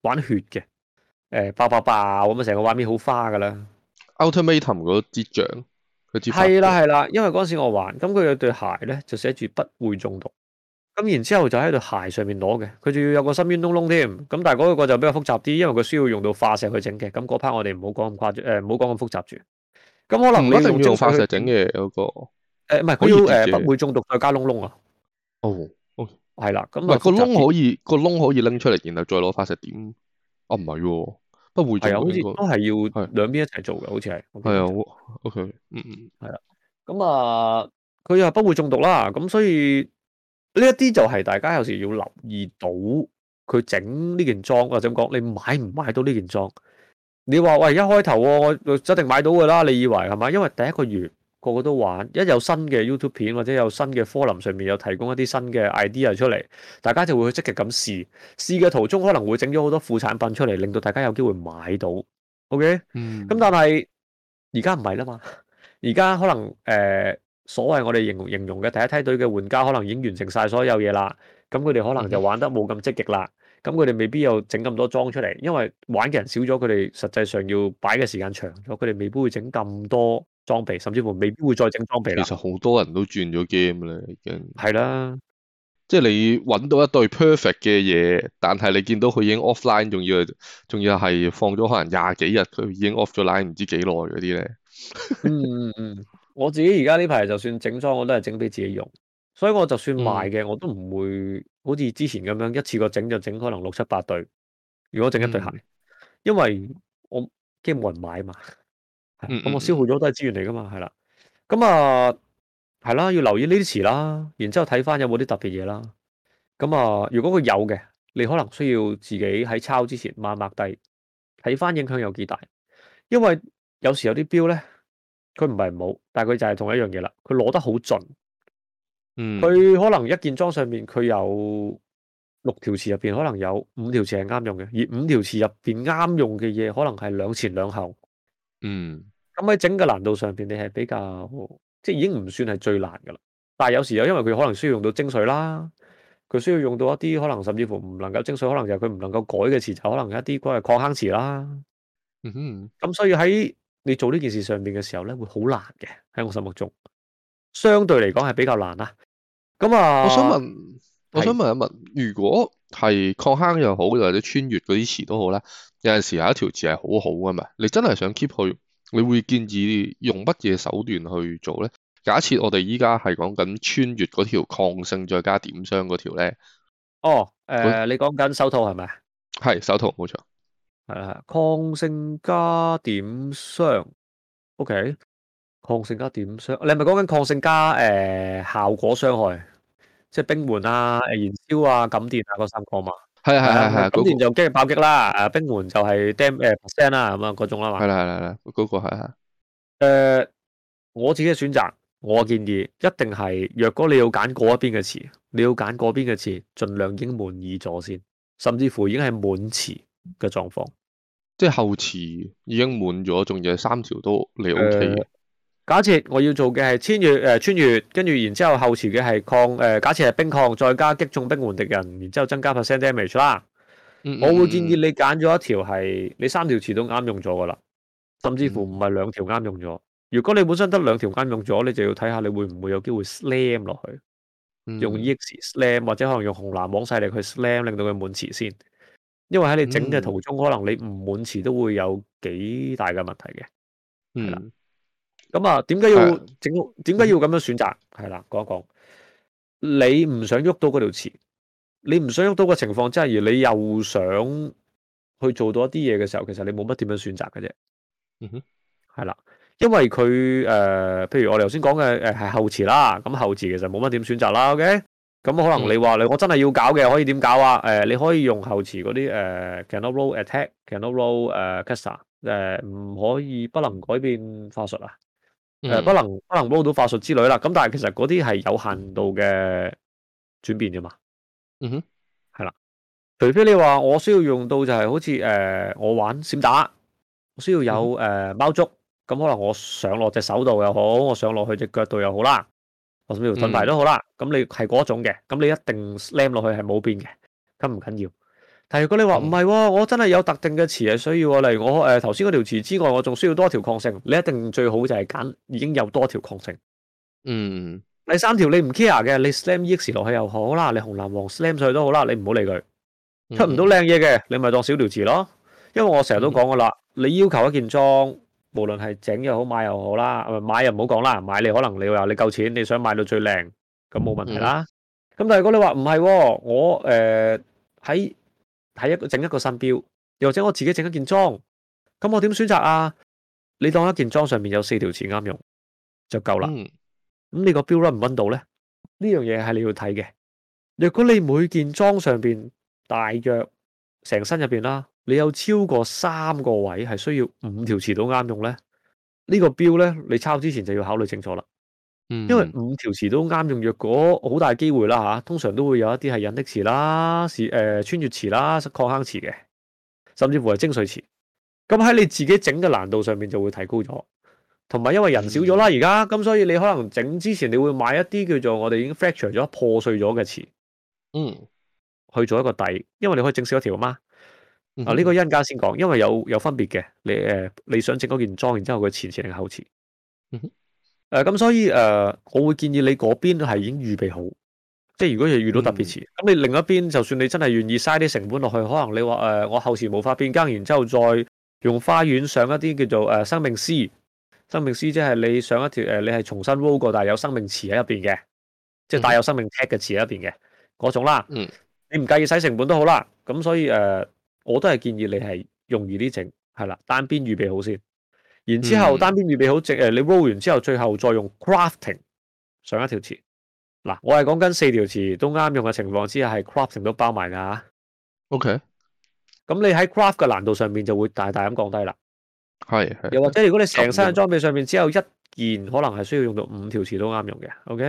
玩血嘅，誒、呃、爆爆爆咁啊，成個畫面好花嘅咧。Ultimatum 嗰支獎，佢支係啦係啦，因為嗰陣時我玩，咁佢有對鞋咧就寫住不會中毒，咁然之後就喺對鞋上面攞嘅，佢仲要有個深淵窿窿添，咁但係嗰個就比較複雜啲，因為佢需要用到化石去整嘅，咁嗰 part 我哋唔好講咁誇張，誒唔好講咁複雜住。咁可能要做不一定要用化石整嘅有個？誒唔係，佢要誒不會中毒再加窿窿啊。哦、oh, okay.，係、嗯、啦，咁、嗯那個窿可以、嗯那個窿可以拎、那個、出嚟，然後再攞化石點？啊，唔係喎，不會係、okay, okay. 嗯、啊，好似都係要係兩邊一齊做嘅，好似係係啊，O K，嗯嗯，係啦，咁啊，佢又不會中毒啦，咁所以呢一啲就係大家有時要留意到佢整呢件裝或者咁講，你買唔買到呢件裝？你話喂，一開頭我就一定買到㗎啦，你以為係咪？因為第一個月。個個都玩，一有新嘅 YouTube 片或者有新嘅 Forum 上面有提供一啲新嘅 idea 出嚟，大家就會去積極咁試。試嘅途中可能會整咗好多副產品出嚟，令到大家有機會買到。OK，嗯，咁但係而家唔係啦嘛，而家可能誒、呃、所謂我哋形容形容嘅第一梯隊嘅玩家可能已經完成晒所有嘢啦，咁佢哋可能就玩得冇咁積極啦，咁佢哋未必有整咁多裝出嚟，因為玩嘅人少咗，佢哋實際上要擺嘅時間長咗，佢哋未必會整咁多。裝備，甚至乎未必會再整裝備啦。其實好多人都轉咗 game 咧，已經係啦、啊。即係你揾到一對 perfect 嘅嘢，但係你見到佢已經 offline，仲要仲要係放咗可能廿幾日，佢已經 off 咗 line 唔知幾耐嗰啲咧。嗯 (laughs) 嗯嗯，我自己而家呢排就算整裝，我都係整俾自己用，所以我就算賣嘅、嗯，我都唔會好似之前咁樣一次過整就整可能六七八對。如果整一對鞋、嗯，因為我驚冇人買嘛。咁、嗯嗯嗯、我消耗咗都係資源嚟噶嘛，係啦。咁啊，係啦，要留意呢啲詞啦，然之後睇翻有冇啲特別嘢啦。咁啊，如果佢有嘅，你可能需要自己喺抄之前，慢慢低，睇翻影響有幾大。因為有時候有啲標咧，佢唔係冇，但係佢就係同一樣嘢啦。佢攞得好盡，嗯，佢可能一件裝上面佢有六條詞入邊，可能有五條詞係啱用嘅，而五條詞入邊啱用嘅嘢，可能係兩前兩後，嗯。咁喺整個難度上邊，你係比較即係已經唔算係最難噶啦。但係有時又因為佢可能需要用到精髓啦，佢需要用到一啲可能甚至乎唔能夠精髓，可能就佢唔能夠改嘅詞，就可能一啲關於擴坑詞啦。嗯哼，咁所以喺你做呢件事上邊嘅時候咧，會好難嘅。喺我心目中，相對嚟講係比較難啦。咁啊，我想問，我想問一問，如果係擴坑又好，或者穿越嗰啲詞都好啦，有陣時候有一條詞係好好噶嘛？你真係想 keep 去。你會建議用乜嘢手段去做咧？假設我哋依家係講緊穿越嗰條抗性再加點傷嗰條咧？哦，誒、呃，你講緊手套係咪？係手套，冇錯。係啦，抗性加點傷，O.K.，抗性加點傷，你係咪講緊抗性加誒、呃、效果傷害，即係冰緩啊、誒燃燒啊、感電啊嗰三個嘛？係 (noise) 啊係啊係，咁今年就驚爆擊啦，啊，啊，啊、那個、冰門就係 Dam 誒 percent 啦，咁啊嗰種啦嘛。係啦係啦係啦，嗰個係啊。誒，啊啊啊啊 uh, 我自己嘅選擇，我建議一定係，若果你要揀嗰一邊嘅詞，你要揀嗰邊嘅詞，盡量已經滿意咗先，甚至乎已經係滿詞嘅狀況。即係後詞已經滿咗，仲有三條都你 OK。呃假設我要做嘅係穿越，誒、呃、穿越，跟住然之後後池嘅係抗，誒、呃、假設係冰抗，再加擊中冰換敵人，然之後增加 percent damage 啦、嗯。我會建議你揀咗一條係你三條詞都啱用咗噶啦，甚至乎唔係兩條啱用咗、嗯。如果你本身得兩條啱用咗，你就要睇下你會唔會有機會 slam 落去，嗯、用 ex slam 或者可能用紅藍往勢力去 slam，令到佢滿池先。因為喺你整嘅途中、嗯，可能你唔滿池都會有幾大嘅問題嘅，係、嗯、啦。咁啊，點解要整？點解、啊、要咁樣選擇？係、嗯、啦，講一講。你唔想喐到嗰條詞，你唔想喐到個情況之下，即係而你又想去做到一啲嘢嘅時候，其實你冇乜點樣選擇嘅啫。嗯哼，係啦，因為佢誒、呃，譬如我哋頭先講嘅誒，係後綴啦。咁後綴其實冇乜點選擇啦。OK，咁可能你話你、嗯、我真係要搞嘅，可以點搞啊、呃？你可以用後綴嗰啲誒，cannot roll attack，cannot roll 誒、呃、caster，唔、呃、可以不能改變化術啊。誒、呃，不能不能幫到法術之類啦，咁但係其實嗰啲係有限度嘅轉變啫嘛。嗯哼，係啦，除非你話我需要用到就係好似誒、呃，我玩閃打，我需要有誒貓足，咁、嗯呃、可能我上落隻手度又好，我上落去隻腳度又好啦，我上條盾牌都好啦，咁、嗯、你係嗰種嘅，咁你一定 slam 落去係冇變嘅，咁唔緊要緊。但如果你話唔係喎，我真係有特定嘅詞係需要，例如我誒頭先嗰條詞之外，我仲需要多條抗性，你一定最好就係揀已經有多條抗性。嗯，第三條你唔 care 嘅，你 slam ex 落去又好啦，你紅藍黃 slam 上去都好啦，你唔好理佢，出唔到靚嘢嘅，你咪當少條詞咯。因為我成日都講噶啦，你要求一件裝，無論係整又好買又好啦，買又唔好講啦，買你可能你話你夠錢，你想買到最靚，咁冇問題啦。咁、嗯、但如果你話唔係喎，我誒喺、呃喺一個整一個新標，又或者我自己整一件裝，咁我點選擇啊？你當一件裝上面有四條詞啱用就夠啦。咁、嗯、你個標呢、這個標咧唔揾到咧，呢樣嘢係你要睇嘅。若果你每件裝上邊大約成身入邊啦，你有超過三個位係需要五條詞都啱用咧，呢、嗯這個標咧你抄之前就要考慮清楚啦。因為五條詞都啱用若果，好大機會啦吓。通常都會有一啲係隱匿詞啦，是誒、呃、穿越詞啦，礦坑詞嘅，甚至乎係精髓詞。咁喺你自己整嘅難度上面就會提高咗，同埋因為人少咗啦而家，咁、嗯、所以你可能整之前你會買一啲叫做我哋已經 fracture 咗破碎咗嘅詞，嗯，去做一個底，因為你可以整少一條嘛。啊、嗯、呢、這個一陣間先講，因為有有分別嘅，你誒、呃、你想整嗰件裝，然之後佢前詞定後詞。嗯誒、啊，咁所以誒、呃，我會建議你嗰邊都係已經預備好，即係如果你遇到特別詞，咁、嗯、你另一邊就算你真係願意嘥啲成本落去，可能你話誒、呃，我後期無法變更，然之後再用花園上一啲叫做誒生命詞，生命詞即係你上一條誒、呃，你係重新 roll 過，但係有生命詞喺入邊嘅、嗯，即係帶有生命 tag 嘅詞喺入邊嘅嗰種啦。嗯，你唔介意使成本都好啦。咁所以誒、呃，我都係建議你係用易啲整，係啦，單邊預備好先。然之後單邊預備好直，誒、嗯呃，你 roll 完之後，最後再用 crafting 上一條詞。嗱，我係講緊四條詞都啱用嘅情況之下，係 crafting 都包埋㗎、啊。OK，咁你喺 craft 嘅難度上面就會大大咁降低啦。係係。 (noise) 又或者如果你成身嘅裝備上面只有一件，可能係需要用到五條詞都啱用嘅。OK，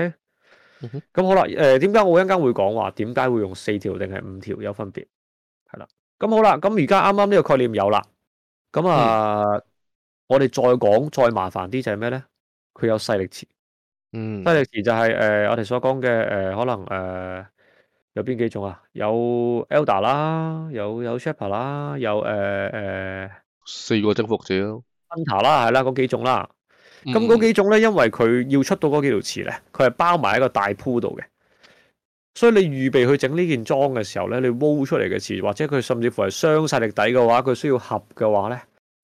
咁、嗯、好啦。誒、呃，點解我會一陣間會講話點解會用四條定係五條有分別？係啦。咁好啦，咁而家啱啱呢個概念有啦。咁啊～、嗯我哋再講再麻煩啲就係咩咧？佢有勢力詞、嗯，勢力詞就係、是、誒、呃、我哋所講嘅誒，可能誒、呃、有邊幾種啊？有 Elder 啦，有有 Shaper 啦，有誒誒、呃、四個征服者 Hunter 啦，係啦，嗰幾種啦。咁、嗯、嗰幾種咧，因為佢要出到嗰幾條詞咧，佢係包埋一個大 pool 度嘅，所以你預備去整呢件裝嘅時候咧，你撈出嚟嘅詞，或者佢甚至乎係雙勢力底嘅話，佢需要合嘅話咧。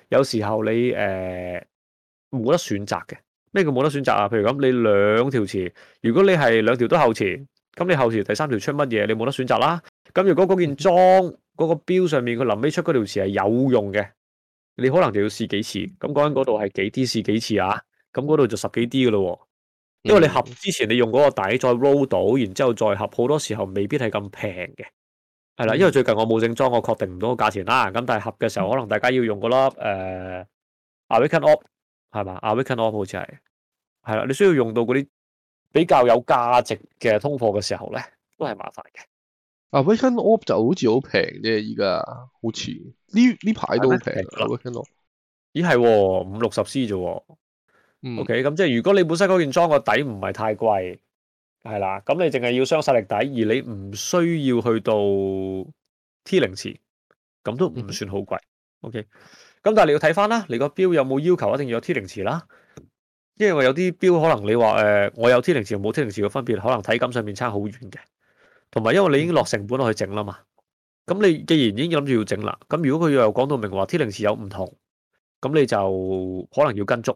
有時候你誒冇得選擇嘅，咩叫冇得選擇啊？譬如咁，你兩條詞，如果你係兩條都後詞，咁你後詞第三條出乜嘢，你冇得選擇啦。咁如果嗰件裝嗰個標上面佢臨尾出嗰條詞係有用嘅，你可能就要試幾次。咁講緊嗰度係幾 D 試幾次啊？咁嗰度就十幾 D 喇咯，因為你合之前你用嗰個底再 roll 到，然之後再合，好多時候未必係咁平嘅。係啦，因為最近我冇整裝，我確定唔到個價錢啦。咁但係合嘅時候，可能大家要用嗰粒誒，阿威肯歐係嘛？阿威肯歐好似係，係啦。你需要用到嗰啲比較有價值嘅通貨嘅時候咧，都係麻煩嘅。阿威肯歐就好似好平啫，這這 okay. 而家好似呢呢排都好平。阿威肯歐咦係五六十 C 啫。OK，咁即係如果你本身嗰件裝個底唔係太貴。係啦，咁你淨係要雙實力底，而你唔需要去到 T 零池，咁都唔算好貴、嗯。OK，咁但係你要睇翻啦，你個標有冇要求一定要有 T 零池啦？因為有啲標，可能你話誒、呃，我有 T 零池同冇 T 零池嘅分別，可能體感上面差好遠嘅。同埋因為你已經落成本落去整啦嘛，咁你既然已經諗住要整啦，咁如果佢又講到明話 T 零池有唔同，咁你就可能要跟足，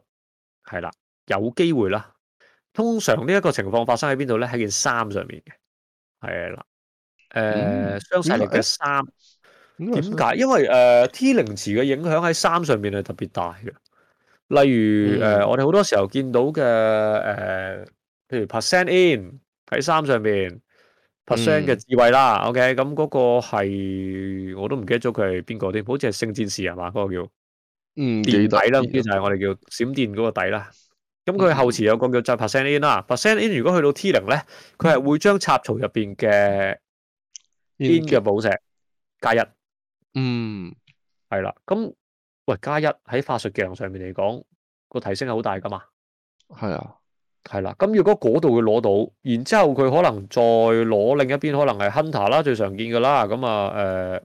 係啦，有機會啦。通常呢一個情況發生喺邊度咧？喺件衫上面嘅，係啦，誒、嗯，雙、呃、勢力嘅衫點解？因為誒 T 零詞嘅影響喺衫上面係特別大嘅。例如誒、呃嗯，我哋好多時候見到嘅誒、呃，譬如 percent in 喺衫上面，% percent 嘅智慧啦、嗯。OK，咁、嗯、嗰、那個係我都唔記得咗佢係邊個添，好似係聖戰士係嘛？嗰、那個叫電底嗯底啦，唔知就係我哋叫閃電嗰個底啦。咁、嗯、佢後詞有個叫再 percent in 啦，percent in 如果去到 T 零咧，佢係會將插槽入邊嘅邊嘅寶石加一，嗯，係啦，咁喂加一喺法術技能上面嚟講，個提升係好大噶嘛，係啊，係啦，咁如果嗰度佢攞到，然之後佢可能再攞另一邊可能係 Hunter 啦，最常見噶啦，咁啊誒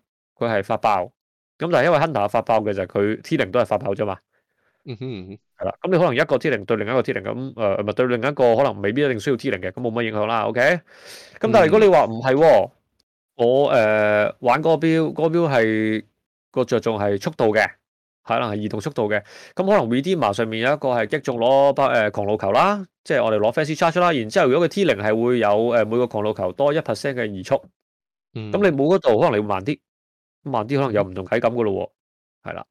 佢係發爆，咁但係因為 Hunter 發爆嘅就係佢 T 零都係發爆啫嘛。嗯哼，係 (noise) 啦，咁你可能一個 T 零對另一個 T 零咁，誒，唔係對另一個可能未必一定需要 T 零嘅，咁冇乜影響啦。OK，咁但係如果你話唔係，我誒、呃、玩嗰個標，嗰、那個標係、那個着重係速度嘅，可能係移動速度嘅，咁可能 v d m 上面有一個係擊中攞誒狂怒球啦，即、就、係、是、我哋攞 Fancy Charge 啦，然之後如果個 T 零係會有誒每個狂怒球多一 percent 嘅移速，咁 (noise) 你冇嗰度可能你會慢啲，慢啲可能有唔同體感噶咯，係啦。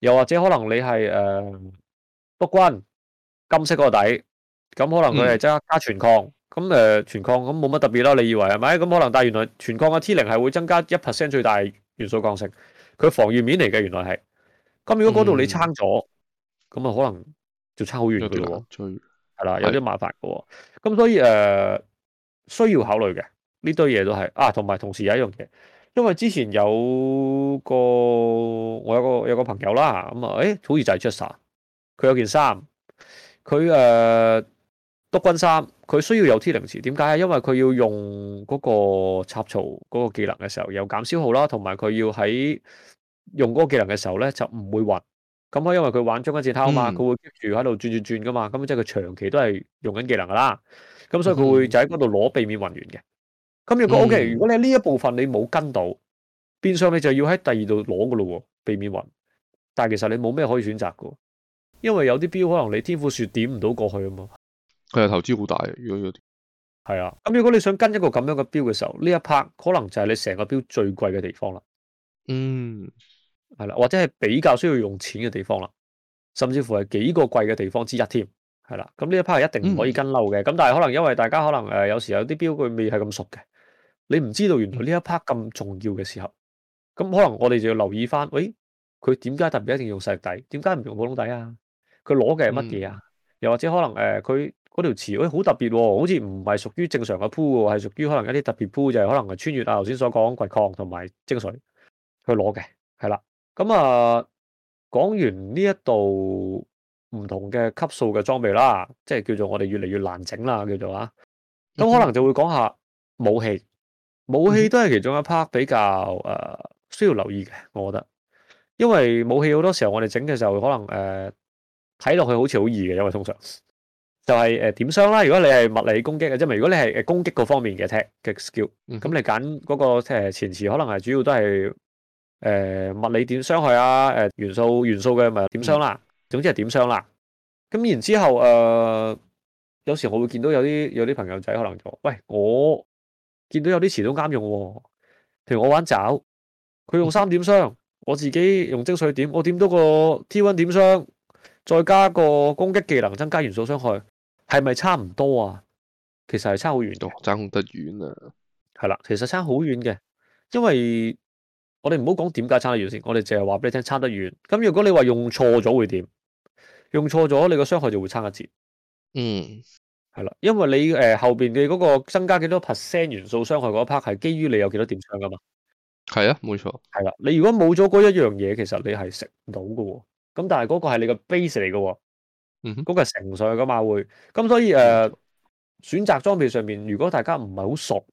又或者可能你係誒，鉑、呃、金金色個底，咁可能佢係即刻加全抗。咁、嗯、誒全抗，咁冇乜特別啦，你以為係咪？咁可能但係原來全抗嘅 T 零係會增加一 percent 最大的元素抗性。佢防禦面嚟嘅原來係。咁如果嗰度你撐咗，咁、嗯、啊可能就差好遠嘅喎，係、嗯、啦，有啲麻煩嘅。咁所以誒、呃、需要考慮嘅呢堆嘢都係啊，同埋同時有一樣嘢。因為之前有個我有個有個朋友啦，咁啊，誒好似就係出 e 佢有件衫，佢誒督軍衫，佢需要有 T 零池，點解啊？因為佢要用嗰個插槽嗰個技能嘅時候有減消耗啦，同埋佢要喺用嗰個技能嘅時候咧就唔會暈，咁啊，因為佢玩終身戰塔啊嘛，佢、嗯、會 keep 住喺度轉轉轉噶嘛，咁即係佢長期都係用緊技能噶啦，咁所以佢會就喺嗰度攞避免暈完嘅。咁如果、嗯、OK，如果你呢呢一部分你冇跟到，變相你就要喺第二度攞㗎咯喎，避免混。但其實你冇咩可以選擇嘅，因為有啲標可能你天賦樹點唔到過去啊嘛。係啊，投資好大呀，如果有啲。係啊，咁如果你想跟一個咁樣嘅標嘅時候，呢一 part 可能就係你成個標最貴嘅地方啦。嗯，係啦，或者係比較需要用錢嘅地方啦，甚至乎係幾個貴嘅地方之一添。係啦，咁呢一 part 係一定唔可以跟漏嘅。咁、嗯、但係可能因為大家可能誒有時候有啲標佢未係咁熟嘅。你唔知道原來呢一 part 咁重要嘅時候，咁、嗯、可能我哋就要留意翻，喂、哎，佢點解特別一定要用石底？點解唔用普通底啊？佢攞嘅係乜嘢啊？又或者可能誒，佢、呃、嗰條詞喂、哎哦，好特別，好似唔係屬於正常嘅鋪喎，係屬於可能一啲特別鋪，就係可能穿越啊，頭先所講礦坑同埋精髓去攞嘅，係啦。咁、嗯、啊，講完呢一度唔同嘅級數嘅裝備啦，即係叫做我哋越嚟越難整啦，叫做啊。咁、嗯、可能就會講下武器。武器都係其中一 part 比較誒需要留意嘅，我覺得，因為武器好多時候我哋整嘅時候可能誒睇落去好似好易嘅，因為通常就係誒點傷啦。如果你係物理攻擊嘅，即係咪？如果你係誒攻擊嗰方面嘅 tech 嘅 skill，咁你揀嗰個誒前詞可能係主要都係誒物理點傷害啊，誒元素元素嘅咪點傷啦，總之係點傷啦。咁然之後誒有時我會見到有啲有啲朋友仔可能就話喂我。見到有啲詞都啱用喎、啊，譬如我玩爪，佢用三點傷，我自己用精髓點，我點到個 T one 點傷，再加個攻擊技能增加元素傷害，係咪差唔多啊？其實係差好遠，爭好得遠啊！係啦，其實差好遠嘅，因為我哋唔好講點解差得遠先，我哋淨係話俾你聽差得遠。咁如果你話用錯咗會點？用錯咗你個傷害就會差一截。嗯。係啦，因為你誒、呃、後邊嘅嗰個增加幾多 percent 元素傷害嗰 part 係基於你有幾多少點傷噶嘛，係啊，冇錯。係啦，你如果冇咗嗰一樣嘢，其實你係食唔到噶。哦，咁但係嗰個係你個 base 嚟噶。哦，嗯，嗰，那個成數噶嘛會，咁所以誒、呃、選擇裝備上面，如果大家唔係好熟，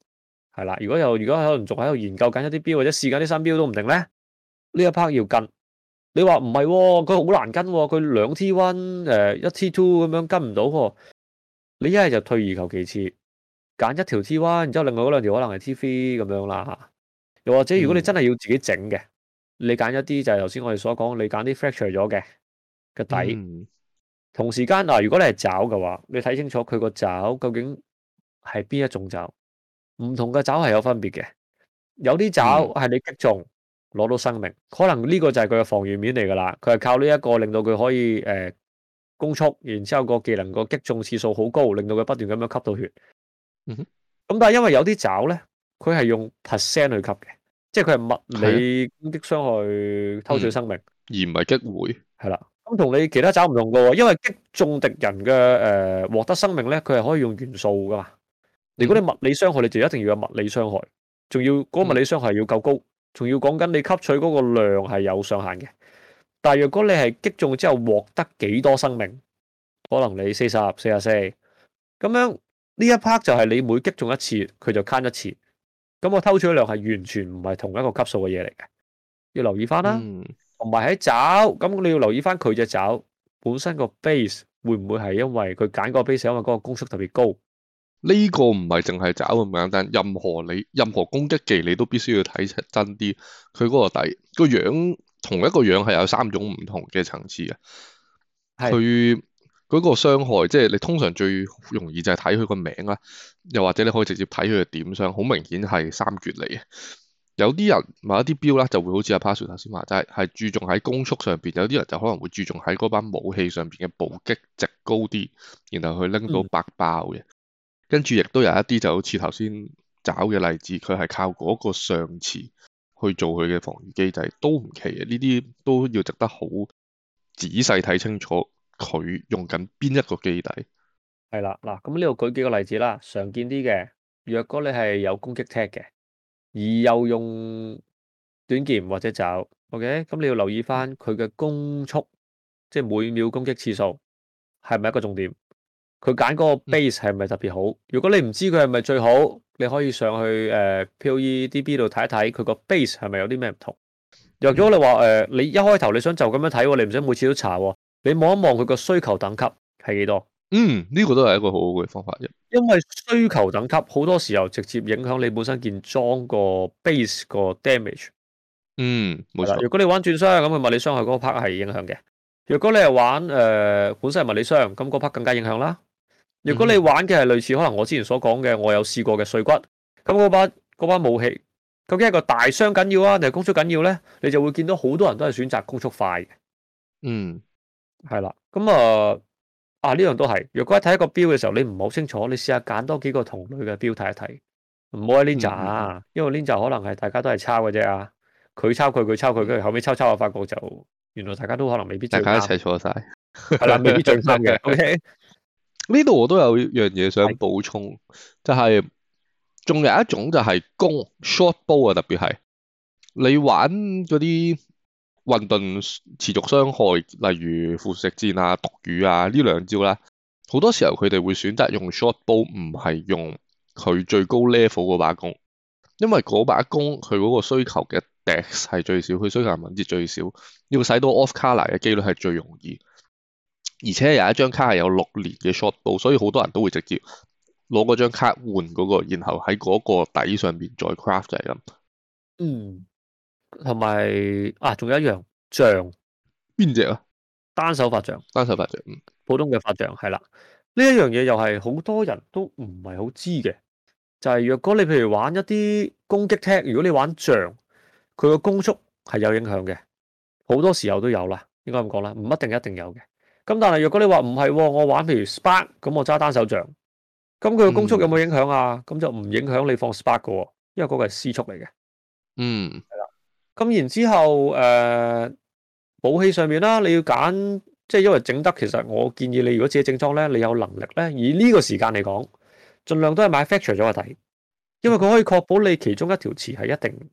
係啦，如果又如果可能仲喺度研究緊一啲標或者試緊啲新標都唔定咧，呢一 part 要跟，你話唔係，佢好難跟。哦，佢兩 t one 誒一 t two 咁樣跟唔到。哦。你一係就退而求其次，揀一條 T1，然之後另外嗰兩條可能係 TV 咁樣啦。又或者如果你真係要自己整嘅、嗯，你揀一啲就係頭先我哋所講，你揀啲 fracture 咗嘅個底、嗯。同時間嗱，如果你係爪嘅話，你睇清楚佢個爪究竟係邊一種爪，唔同嘅爪係有分別嘅。有啲爪係你擊中攞到生命，可能呢個就係佢嘅防禦面嚟噶啦。佢係靠呢、這、一個令到佢可以誒。呃攻速，然之後個技能個擊中次數好高，令到佢不斷咁樣吸到血。嗯哼，咁但係因為有啲爪咧，佢係用 percent 去吸嘅，即係佢係物理攻擊傷害偷取生命，而唔係擊回。係啦，咁同你其他爪唔同噶，因為擊中敵人嘅誒獲得生命咧，佢係可以用元素噶嘛。如果你物理傷害，你就一定要有物理傷害，仲要嗰個物理傷害要夠高，仲要講緊你吸取嗰個量係有上限嘅。但係若果你係擊中之後獲得幾多生命，可能你四十四十四，咁樣呢一 part 就係你每擊中一次佢就 count 一次，咁我偷取嘅量係完全唔係同一個級數嘅嘢嚟嘅，要留意翻啦。同埋喺爪，咁你要留意翻佢隻爪本身個 base 會唔會係因為佢揀嗰個 base，因為嗰個攻速特別高。呢個唔係淨係爪咁簡單，任何你任何攻擊技你都必須要睇真啲佢嗰個底個樣。同一個樣係有三種唔同嘅層次嘅，佢嗰個傷害，即、就、係、是、你通常最容易就係睇佢個名啦，又或者你可以直接睇佢嘅點傷，好明顯係三決嚟嘅。有啲人買一啲標咧，就會好似阿 Pazu 頭先話齋，係、就是、注重喺攻速上邊；有啲人就可能會注重喺嗰班武器上邊嘅暴擊值高啲，然後去拎到百爆嘅。嗯、跟住亦都有一啲就好似頭先找嘅例子，佢係靠嗰個上次。去做佢嘅防禦機制都唔奇嘅，呢啲都要值得好仔細睇清楚佢用緊邊一個基底。係啦，嗱咁呢度舉幾個例子啦，常見啲嘅，若果你係有攻擊 tag 嘅，而又用短劍或者爪，OK，咁你要留意翻佢嘅攻速，即係每秒攻擊次數，係咪一個重點？佢揀嗰個 base 係咪特別好？嗯、如果你唔知佢係咪最好？你可以上去誒、呃，POEDB 度睇一睇佢個 base 係咪有啲咩唔同？若果你話誒、呃，你一開頭你想就咁樣睇，你唔使每次都查，你望一望佢個需求等級係幾多？嗯，呢、這個都係一個好好嘅方法啫。因為需求等級好多時候直接影響你本身件裝個 base 個 damage。嗯，冇錯。如果你玩轉傷，咁，佢物理傷害嗰 part 係影響嘅。若果你係玩誒、呃、本身係物理傷，咁嗰 part 更加影響啦。如果你玩嘅係類似可能我之前所講嘅，我有試過嘅碎骨，咁嗰把嗰把武器究竟係個大傷緊要啊，定係攻速緊要咧？你就會見到好多人都係選擇攻速快嘅。嗯，係啦。咁啊啊呢樣都係。若果睇一,一個標嘅時候，你唔好清楚，你試下揀多幾個同類嘅標睇一睇。唔好喺 Ninja，因為 Ninja 可能係大家都係抄嘅啫啊。佢抄佢，佢抄佢，跟住後尾抄抄，我發覺就原來大家都可能未必。大家一齊錯晒，係啦，未必最新嘅。 (laughs) o、OK、K。呢度我都有一樣嘢想補充，就係、是、仲有一種就係弓 short bow 啊，特別係、啊、你玩嗰啲混沌持續傷害，例如腐蝕箭啊、毒雨啊呢兩招啦，好多時候佢哋會選擇用 short bow 唔係用佢最高 level 嗰把弓，因為嗰把弓佢嗰個需求嘅 dex 係最少，佢需求敏捷最少，要使到 off colour 嘅機率係最容易。而且有一張卡係有六連嘅 short 度，所以好多人都會直接攞嗰張卡換嗰、嗰個，然後喺嗰個底上邊再 craft 就係咁。嗯，同埋啊，仲有一樣杖邊隻啊？單手法杖。單手法杖、嗯，普通嘅法杖係啦。呢一樣嘢又係好多人都唔係好知嘅，就係、是、若果你譬如玩一啲攻擊 tag，如果你玩杖，佢個攻速係有影響嘅，好多時候都有啦，應該咁講啦，唔一定一定有嘅。咁但係如果你話唔係，我玩譬如 Spark，咁我揸單手杖，咁佢嘅攻速有冇影響啊？咁、嗯、就唔影響你放 Spark 嘅，因為嗰個係施速嚟嘅。嗯，係啦。咁然之後，誒、呃，武器上面啦，你要揀，即、就、係、是、因為整得，其實我建議你，如果自己整裝咧，你有能力咧，以呢個時間嚟講，盡量都係買 Factor 咗個底，因為佢可以確保你其中一條詞係一定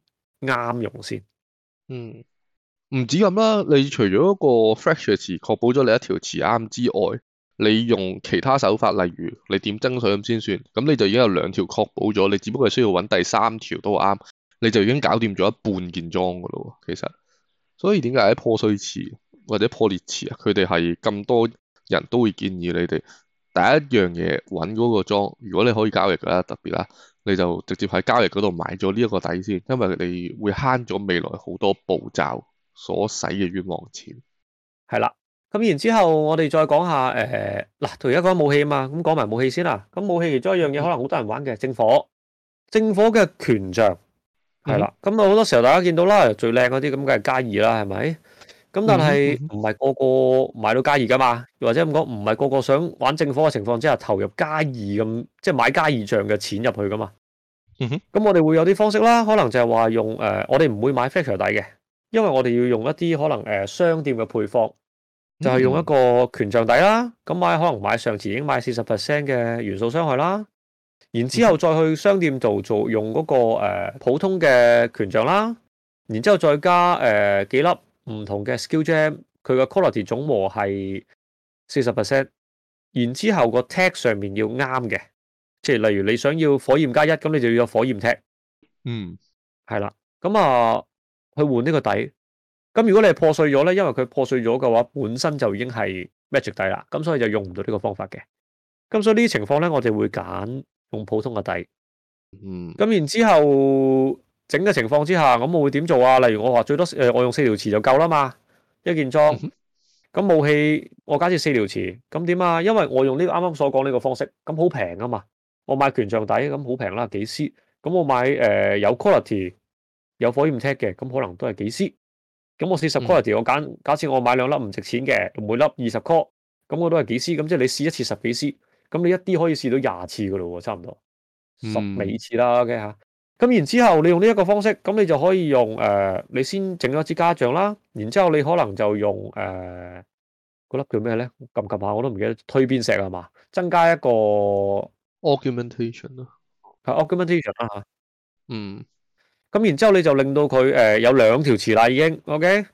啱用先。嗯。唔止咁啦，你除咗一個 fracture 詞確保咗你一條詞啱之外，你用其他手法，例如你點爭取咁先算，咁你就已經有兩條確保咗，你只不過需要揾第三條都啱，你就已經搞掂咗一半件裝噶啦，其實，所以點解喺破碎詞或者破裂詞啊，佢哋係咁多人都會建議你哋第一樣嘢揾嗰個裝，如果你可以交易啦，特別啦，你就直接喺交易嗰度買咗呢一個底先，因為你會慳咗未來好多步驟。所使嘅冤枉錢係啦，咁然之後我哋再講一下誒，嗱、呃，同而家講武器啊嘛，咁講埋武器先啦。咁武器其中一樣嘢可能好多人玩嘅正火，正火嘅權杖係啦。咁啊，好、嗯、多時候大家見到啦，最靚嗰啲咁，嘅係加二啦，係咪？咁但係唔係個個買到加二噶嘛又或者咁講，唔係個個想玩正火嘅情況之下投入加二咁，即係買加二杖嘅錢入去噶嘛嗯哼，咁、嗯、我哋會有啲方式啦，可能就係話用誒、呃，我哋唔會買 fracture 底嘅。因為我哋要用一啲可能、呃、商店嘅配方，就係、是、用一個權杖底啦，咁、嗯、買可能買上次已經買四十 percent 嘅元素傷害啦，然之後再去商店度做，做用嗰、那個、呃、普通嘅權杖啦，然之後再加誒、呃、幾粒唔同嘅 skill gem，佢嘅 quality 總和係四十 percent，然之後個 tag 上面要啱嘅，即係例如你想要火焰加一，咁你就要有火焰 tag，嗯，係啦，咁、嗯、啊。去換呢個底，咁如果你係破碎咗咧，因為佢破碎咗嘅話，本身就已經係 magic 底啦，咁所以就用唔到呢個方法嘅。咁所以呢啲情況咧，我哋會揀用普通嘅底。嗯，咁然之後整嘅情況之下，咁我會點做啊？例如我話最多誒，我用四條詞就夠啦嘛，一件裝。咁武器我假設四條詞，咁點啊？因為我用呢啱啱所講呢個方式，咁好平啊嘛。我買權杖底咁好平啦，幾 c 咁我買誒、呃、有 quality。有火焰踢嘅，咁可能都係幾絲。咁我四十 c，我揀假設我買兩粒唔值錢嘅，每粒二十 c，咁我都係幾絲。咁即係你試一次十幾絲，咁你一啲可以試到廿次噶咯，差唔多十尾次啦、嗯。OK 吓。咁然之後，你用呢一個方式，咁你就可以用誒、呃，你先整咗支家醬啦。然之後，你可能就用誒，嗰、呃、粒叫咩咧？撳撳下，我都唔記得推邊石係嘛？增加一個 augmentation 啦，係 augmentation 啦嚇。嗯。咁然之後你就令到佢誒、呃、有兩條詞啦已經，OK，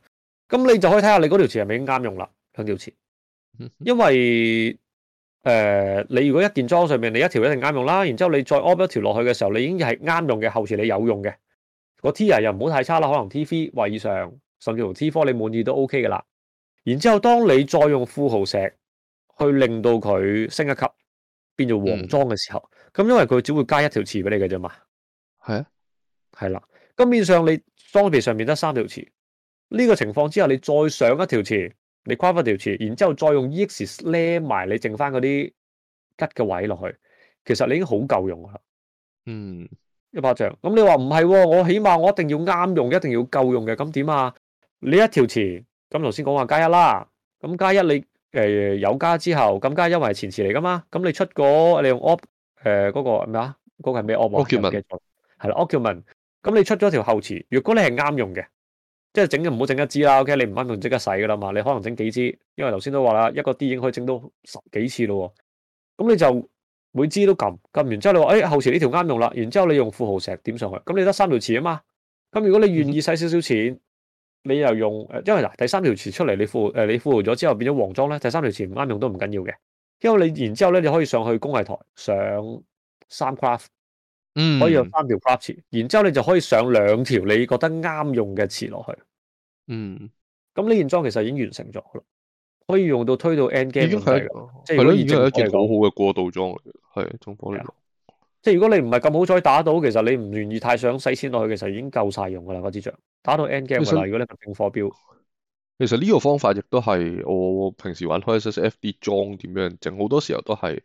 咁你就可以睇下你嗰條詞係咪已經啱用啦兩條詞，因為誒、呃、你如果一件裝上面你一條一定啱用啦，然之後你再 upgrade 一條落去嘅時候，你已經係啱用嘅後詞，你有用嘅、個 tier 又唔好太差啦，可能 TV 或以上甚至乎 T4 你滿意都 OK 嘅啦。然之後當你再用富豪石去令到佢升一級變做黃裝嘅時候，咁、嗯、因為佢只會加一條詞俾你嘅啫嘛，係啊。係啦，咁面上你裝備上面得三條詞，呢、這個情況，之後你再上一條詞，你跨一條詞，然之後再用 ex e 孭埋你剩翻嗰啲吉嘅位落去，其實你已經好夠用啦。嗯，一巴掌。咁你話唔係，我起碼我一定要啱用，一定要夠用嘅。咁點啊？呢一條詞，咁頭先講話加一啦。咁加一你誒、呃、有加之後，咁加一因為前詞嚟噶嘛，咁你出過你用 op 誒、呃、嗰、那個咩啊？嗰、那個係咩？Oculant。Oculant。係啦，Oculant。咁你出咗條後池，如果你係啱用嘅，即係整嘅唔好整一支啦，OK，你唔啱用即刻洗噶啦嘛，你可能整幾支，因為頭先都話啦，一個 D 已經可以整到十幾次咯，哦，咁你就每支都撳撳完之後你，你話誒後池呢條啱用啦，然之後你用富豪石點上去，咁你得三條池啊嘛，咁如果你願意使少少錢，嗯，你又用誒，因為嗱第三條池出嚟你富誒，呃、你富豪咗之後變咗黃裝咧，第三條池唔啱用都唔緊要嘅，因為你然之後咧你可以上去工藝台上三嗯，可以用三條 c l u p s 詞，然之後你就可以上兩條你覺得啱用嘅詞落去。嗯，咁呢件裝其實已經完成咗啦，可以用到推到 end game 咁解咯。即係已經係一件好好嘅過渡裝嚟，係中火嚟嘅。即係如果你唔係咁好彩打到，其實你唔願意太想使錢落去，其實已經夠晒用噶啦嗰支杖。打到 end game 啦，如果你用火標。其實呢個方法亦都係我平時玩開一 FD 裝點樣整，好多時候都係。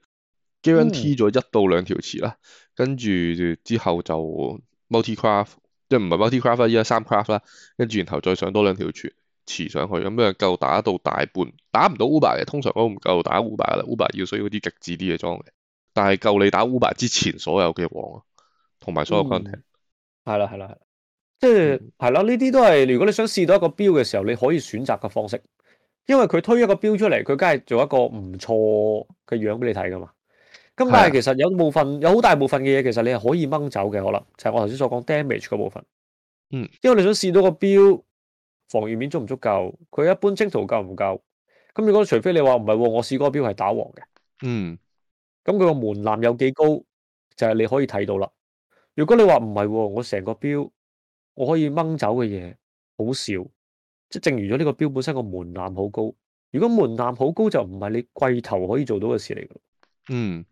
g n t 咗一到兩條池啦、嗯，跟住之後就 MultiCraft 即係唔係 MultiCraft 依家三 Craft 啦，跟住然後再上多兩條船池上去，咁樣夠打到大半，打唔到 Uber 嘅，通常都唔夠打 Uber 噶啦，Uber 要需要啲極致啲嘅裝嘅，但係夠你打 Uber 之前所有嘅王啊，同埋所有 content 係啦係啦係，即係係啦，呢啲都係如果你想試到一個標嘅時候，你可以選擇嘅方式，因為佢推一個標出嚟，佢梗係做一個唔錯嘅樣俾你睇噶嘛。咁但係其實有部分有好大部分嘅嘢，其實你係可以掹走嘅，可能就係我頭先所講 damage 嗰部分。嗯，因為你想試到個標防禦面足唔足夠，佢一般清圖夠唔夠？咁如果除非你話唔係，我試嗰個標係打王嘅。嗯，咁佢個門檻有幾高，就係、是、你可以睇到啦。如果你話唔係，我成個標我可以掹走嘅嘢好少，即係正如咗呢個標本身個門檻好高。如果門檻好高，就唔係你櫃頭可以做到嘅事嚟嘅。嗯。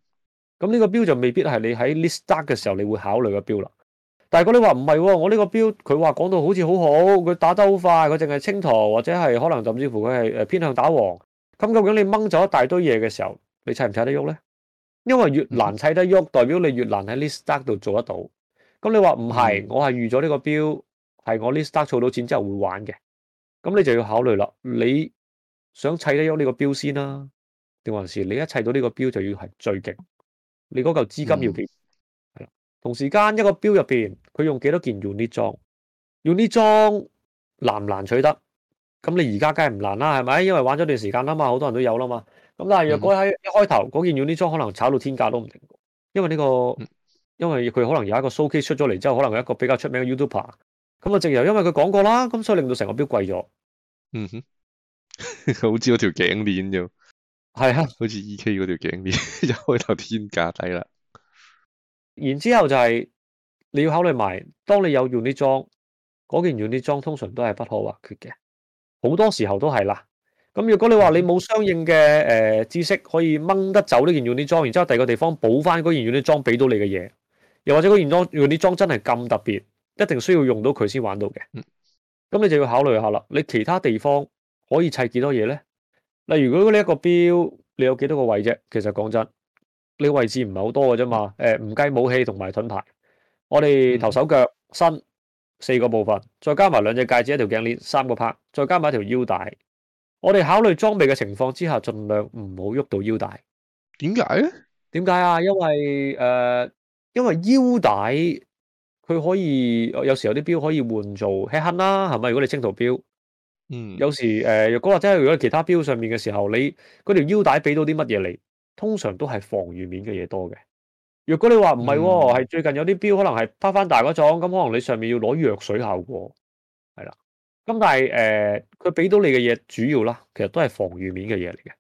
咁呢個標就未必係你喺 list start 嘅時候你會考慮嘅標啦。但如果你話唔係喎，我呢個標佢話講到好似好好，佢打得好快，佢淨係清圖或者係可能甚至乎佢係誒偏向打黃。咁究竟你掹咗一大堆嘢嘅時候，你砌唔砌得喐咧？因為越難砌得喐、嗯，代表你越難喺 list start 度做得到。咁你話唔係，我係預咗呢個標，係我 list start 儲到錢之後會玩嘅。咁你就要考慮啦，你想砌得喐呢個標先啦、啊。定還是你一砌到呢個標就要係最勁？你嗰嚿資金要幾、嗯、同時間一個標入邊，佢用幾多件 unit 裝？unit 裝難唔難取得？咁你而家梗係唔難啦，係咪？因為玩咗段時間啦嘛，好多人都有啦嘛。咁但係若果喺一開頭嗰、嗯、件 unit 裝可能炒到天價都唔定，因為呢、呢個、嗯、因為佢可能有一個 showcase 出咗嚟之後，可能有一個比較出名嘅 YouTuber。咁啊，直由因為佢講過啦，咁所以令到成個標貴咗。嗯哼，佢好似嗰條頸鏈咁。係啊，好似 E.K. 嗰條頸鏈，一開頭天價低啦。然之後就係、是、你要考慮埋，當你有用啲裝，嗰件用啲裝通常都係不可或缺嘅，好多時候都係啦。咁如果你話你冇相應嘅誒、呃、知識，可以掹得走呢件用啲裝，然之後第二個地方補翻嗰件用啲裝俾到你嘅嘢，又或者嗰件裝用啲裝真係咁特別，一定需要用到佢先玩到嘅。咁、嗯、你就要考慮下啦，你其他地方可以砌幾多嘢咧？但如果呢一個標，你有幾多個位啫？其實講真，你位置唔係好多嘅啫嘛。誒，唔計武器同埋盾牌，我哋頭手腳身四個部分，再加埋兩隻戒指、一條頸鍊、三個拍，再加埋一條腰帶。我哋考慮裝備嘅情況之下，盡量唔好喐到腰帶。點解咧？點解啊？因為誒、呃，因為腰帶佢可以有時候啲標可以換做吃恨啦，係咪？如果你清圖標。嗯，有時誒，若、呃、果或者係如果其他標上面嘅時候，你嗰條腰帶俾到啲乜嘢嚟？通常都係防禦面嘅嘢多嘅。若果你話唔係喎，係、嗯、最近有啲標可能係拋翻大嗰種，咁可能你上面要攞藥水效果，係啦。咁但係誒，佢、呃、俾到你嘅嘢主要啦，其實都係防禦面嘅嘢嚟嘅。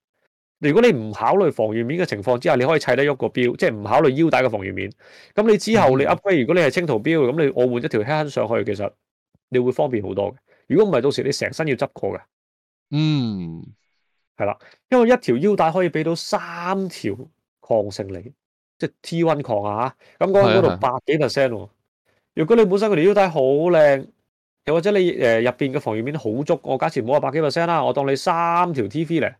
如果你唔考慮防禦面嘅情況之下，你可以砌得喐個標，即係唔考慮腰帶嘅防禦面。咁你之後你 upgrade，嗯、如果你係青圖標，咁你我換一條輕輕上去，其實你會方便好多嘅。如果唔係，到時你成身要執過嘅，嗯，係啦，因為一條腰帶可以俾到三條抗性力，即係 T one 抗啊嚇，咁講喺嗰度百幾 percent 喎。啊、如果你本身佢條腰帶好靚，又或者你誒入邊嘅防禦面好足，我假設唔好話百幾 percent 啦、啊，我當你三條 T V 嚟。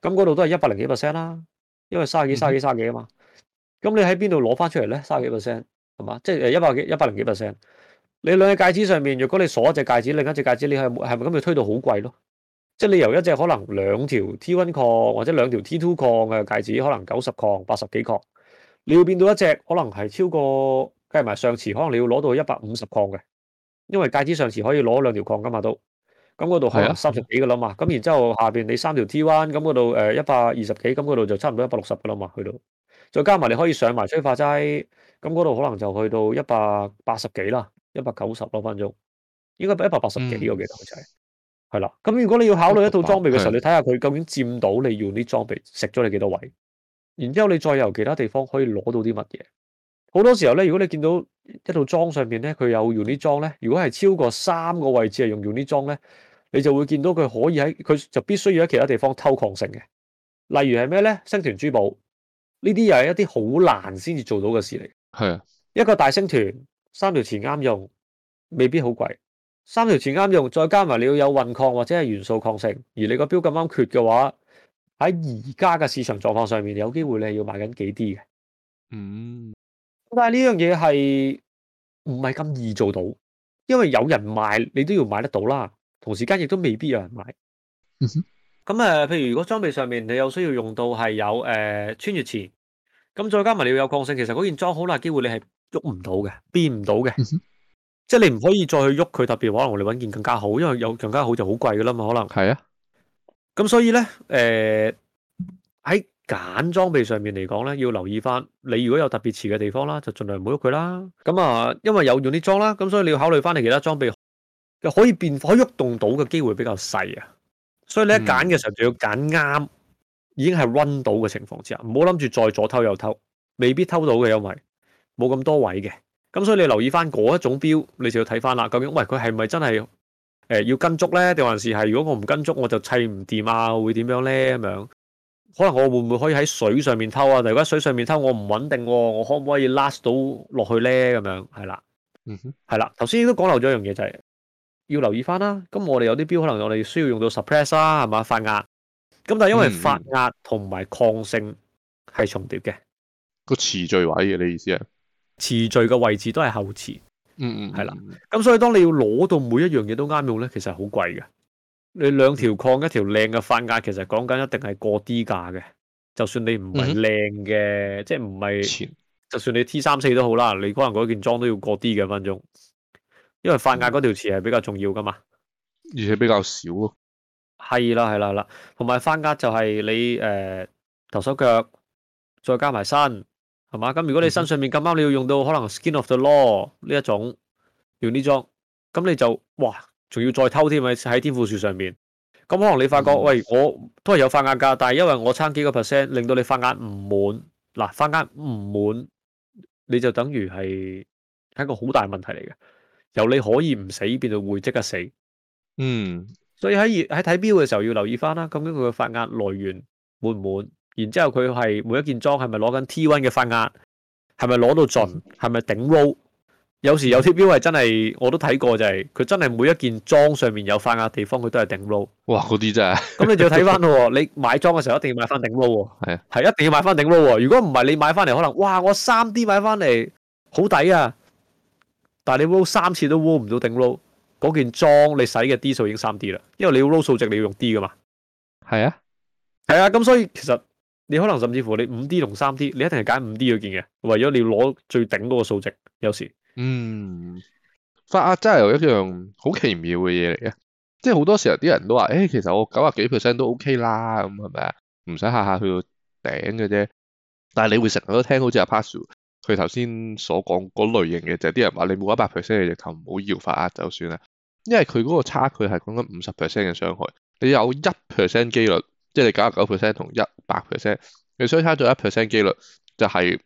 咁嗰度都係一百零幾 percent 啦、啊，因為卅幾、卅幾、卅幾啊嘛。咁、嗯、你喺邊度攞翻出嚟咧？卅幾 percent 係嘛？即係誒一百幾、一百零幾 percent。你兩隻戒指上面，如果你鎖一隻戒指，另一隻戒指，你係係咪咁咪推到好貴咯？即係你由一隻可能兩條 T one 礦或者兩條 T two 礦嘅戒指，可能九十礦、八十幾礦，你要變到一隻可能係超過計埋上池，可能你要攞到一百五十礦嘅，因為戒指上池可以攞兩條礦噶嘛，都咁嗰度係啊，三十幾噶啦嘛。咁然之後下邊你三條 T one 咁嗰度誒一百二十幾，咁嗰度就差唔多一百六十噶啦嘛，去到再加埋你可以上埋催化劑，咁嗰度可能就去到一百八十幾啦。一百九十多分鐘，應該一百八十幾，我記得就係係啦。咁如果你要考慮一套裝備嘅時候，你睇下佢究竟佔到你用啲裝備食咗你幾多位，然之後你再由其他地方可以攞到啲乜嘢。好多時候咧，如果你見到一套裝上面咧，佢有用啲裝咧，如果係超過三個位置係用用啲裝咧，你就會見到佢可以喺佢就必須要喺其他地方偷抗性嘅。例如係咩咧？星團珠寶呢啲又係一啲好難先至做到嘅事嚟。係啊，一個大星團。三條詞啱用，未必好貴。三條詞啱用，再加埋你要有混抗或者係元素抗性，而你個 build 咁啱缺嘅話，喺而家嘅市場狀況上面，有機會你係要買緊幾 D 嘅。嗯，但係呢樣嘢係唔係咁易做到，因為有人賣你都要買得到啦。同時間亦都未必有人買。嗯、哼。咁誒，譬如如果裝備上面你有需要用到係有誒、呃、穿越詞，咁再加埋你要有抗性，其實嗰件裝好啦，機會你係。喐唔到嘅，變唔到嘅，即係你唔可以再去喐佢，特別可能我哋揾件更加好，因為有更加好就好貴噶啦嘛，可能係啊。咁所以咧，誒喺揀裝備上面嚟講咧，要留意翻，你如果有特別遲嘅地方啦，就盡量唔好喐佢啦。咁啊，因為有用啲裝啦，咁所以你要考慮翻你其他裝備又可以變化，喐動到嘅機會比較細啊。所以你一揀嘅時候就要揀啱，已經係温到嘅情況之下，唔好諗住再左偷右偷，未必偷到嘅，因為。冇咁多位嘅，咁所以你留意翻嗰一種標，你就要睇翻啦。究竟喂佢係咪真係誒、呃、要跟足咧，定還是係如果我唔跟足，我就砌唔掂啊？會點樣咧？咁樣可能我會唔會可以喺水上面偷啊？但如果喺水上面偷，我唔穩定喎，我可唔可以 last 到落去咧？咁樣係啦，嗯哼，係啦。頭先都講漏咗一樣嘢，就是，就係要留意翻啦。咁我哋有啲標，可能我哋需要用到 suppress 啦，係嘛發壓。咁但係因為發壓同埋抗性係重疊嘅個詞序位嘅，你意思係？詞序嘅位置都係後詞，嗯嗯，係啦。咁所以當你要攞到每一樣嘢都啱用咧，其實好貴嘅。你兩條礦一條靚嘅范價，其實講緊一定係過啲價嘅。就算你唔係靚嘅，嗯嗯，即係唔係，前就算你 T 三四都好啦，你可能嗰件裝都要過啲嘅分鐘。因為范價嗰條詞係比較重要噶嘛，而且比較少咯、啊。係啦係啦係啦，同埋范價就係你誒、呃、頭手腳，再加埋身。係嘛？咁如果你身上面咁啱你要用到可能 skin of the law 呢一種用呢種，咁你就哇，仲要再偷添咪？喺天賦樹上面，咁可能你發覺、嗯、喂，我都係有發壓㗎，但係因為我差幾個 percent，令到你發壓唔滿，嗱、啊、發壓唔滿，你就等於係一個好大問題嚟嘅。由你可以唔死變到會即刻死。嗯，所以喺喺睇表嘅時候要留意返啦，究竟佢嘅發壓來源滿唔滿？然之後佢係每一件裝係咪攞緊 T1 嘅發壓，係咪攞到盡，係、嗯、咪頂 roll？有時有啲表係真係我都睇過、就是，就係佢真係每一件裝上面有發壓的地方，佢都係頂 roll。哇，嗰啲真係，咁 (laughs) 你就要睇翻咯。你買裝嘅時候一定要買翻頂 roll。係啊，係一定要買翻頂 roll。如果唔係，你買翻嚟可能，哇，我三 D 買翻嚟好抵啊，但係你 roll 三次都 roll 唔到頂 roll 嗰件裝，你使嘅 D 數已經三 D 啦，因為你要 roll 數值你要用 D 㗎嘛。係啊，係啊，咁所以其實。你可能甚至乎你五 D 同三 D，你一定係揀五 D 嗰件嘅，為咗你攞最頂嗰個數值。有時，嗯，發壓真係有一樣好奇妙嘅嘢嚟嘅，即係好多時候啲人都話，誒、欸，其實我九啊幾 percent 都 OK 啦，咁係咪啊？唔使下下去個頂嘅啫。但係你會成日都聽好似阿 Pazu 佢頭先所講嗰類型嘅，就係、是、啲人話你冇一百 percent 嘅直頭，唔好搖發壓就算啦，因為佢嗰個差距係講緊五十 percent 嘅傷害，你有一 percent 機率。即、就係你九十九 percent 同一百 percent，你相差咗一 percent 機率就係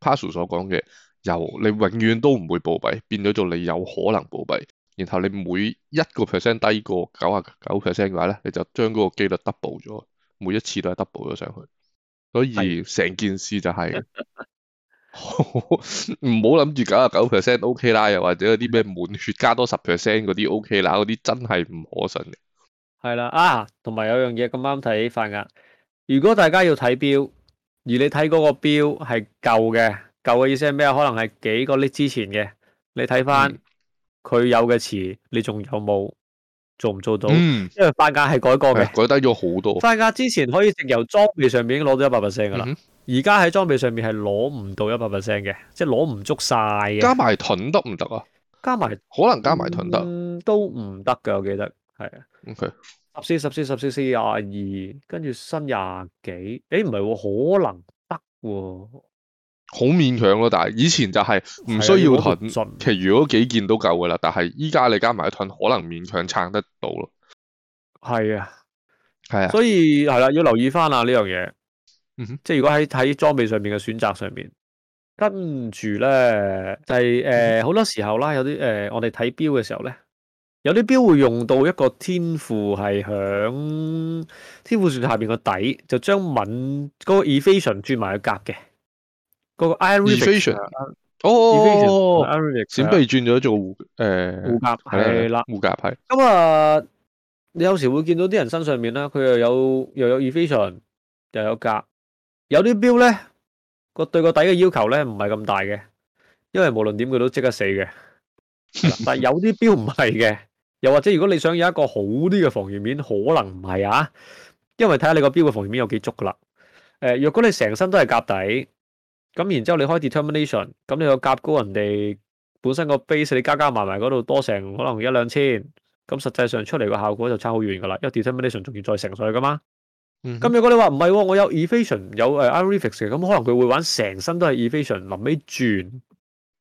Pazu 所講嘅，由你永遠都唔會暴斃變咗做你有可能暴斃，然後你每一個 percent 低過九十九 percent 嘅話咧，你就將嗰個機率 double 咗，每一次都係 double 咗上去，所以成件事就係唔好諗住九十九 percent OK 啦，又或者啲咩滿血加多十 percent 嗰啲 OK 啦，嗰啲真係唔可信嘅。係啦，啊，同埋有樣嘢咁啱提起發價，如果大家要睇表，而你睇嗰個表係舊嘅，舊嘅意思係咩、嗯嗯嗯、啊，啊？可能係幾個 lift 之前嘅。你睇翻佢有嘅詞，你仲有冇做唔做到？嗯，因為發價係改過嘅，改低咗好多。發價之前可以直由裝備上面已經攞到一百 percent 噶啦，而家喺裝備上面係攞唔到一百 percent 嘅，即係攞唔足晒。加埋盾得唔得啊？加埋可能加埋盾得，都唔得嘅，我記得。係啊，OK，十四十四十四四廿二，跟住新廿幾，誒，唔係喎，可能得喎、啊，好勉強咯、啊。但係以前就係唔需要盾、啊，其實如果幾件都夠噶啦。但係依家你加埋一盾，可能勉強撐得到咯。係啊，係啊，所以係啦、啊，要留意翻啊呢樣嘢。Mm -hmm. 即係如果喺睇裝備上面嘅選擇上面，跟住咧就係、是、誒，好、呃 mm -hmm. 多時候啦，有啲誒、呃，我哋睇標嘅時候咧。有啲標會用到一個天賦係響天賦樹下邊個底，就將敏嗰、那個 Evasion 轉埋去格嘅，個個 Iron Reflexes。哦，閃避轉咗做誒護甲係啦，護甲係。咁啊，你、嗯嗯、有時會見到啲人身上面咧，佢又有又有 Evasion 又有格。有啲標咧個對個底嘅要求咧唔係咁大嘅，因為無論點佢都即刻死嘅。但係有啲標唔係嘅。 (laughs) 又或者如果你想有一個好啲嘅防禦面，可能唔係啊，因為睇下你個標嘅防禦面有幾足噶啦。誒、呃，若果你成身都係夾底，咁然之後你開 determination，咁你個夾高人哋本身個 base，你加加埋埋嗰度多成可能一兩千，咁實際上出嚟個效果就差好遠噶啦，因為 determination 仲要再乘上去噶嘛。咁、嗯、如果你話唔係，我有 Evasion 有 Iron Reflexes 咁可能佢會玩成身都係 Evasion 臨尾轉，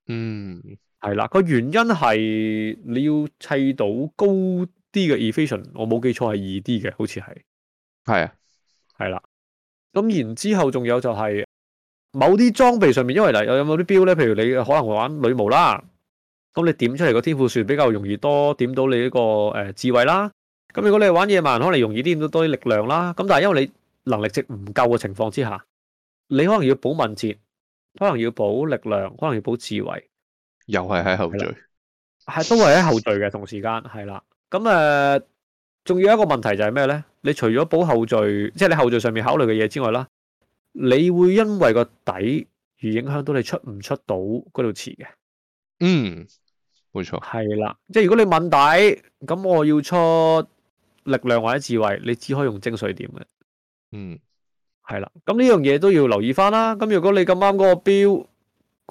嗯。係啦，個原因係你要砌到高啲嘅 effusion，我冇記錯係二 D 嘅，好似係，係啊，係啦。咁然之後仲有就係、是、某啲裝備上面，因為嗱，有有某啲標咧，譬如你可能玩女巫啦，咁你點出嚟個天賦樹比較容易多點到你呢個誒智慧啦。咁如果你係玩野蠻，可能容易啲點到多啲力量啦。咁但係因為你能力值唔夠嘅情況之下，你可能要補敏捷，可能要補力量，可能要補智慧。又係喺後綴，係都係喺後綴嘅同時間，係啦。咁誒，仲、呃、要一個問題就係咩咧？你除咗補後綴，即、就、係、是、你後綴上面考慮嘅嘢之外啦，你會因為個底而影響到你出唔出到嗰度詞嘅。嗯，冇錯。係啦，即係如果你問底，咁我要出力量或者智慧，你只可以用精髓點嘅。嗯，係啦。咁呢樣嘢都要留意返啦。咁如果你咁啱嗰個標。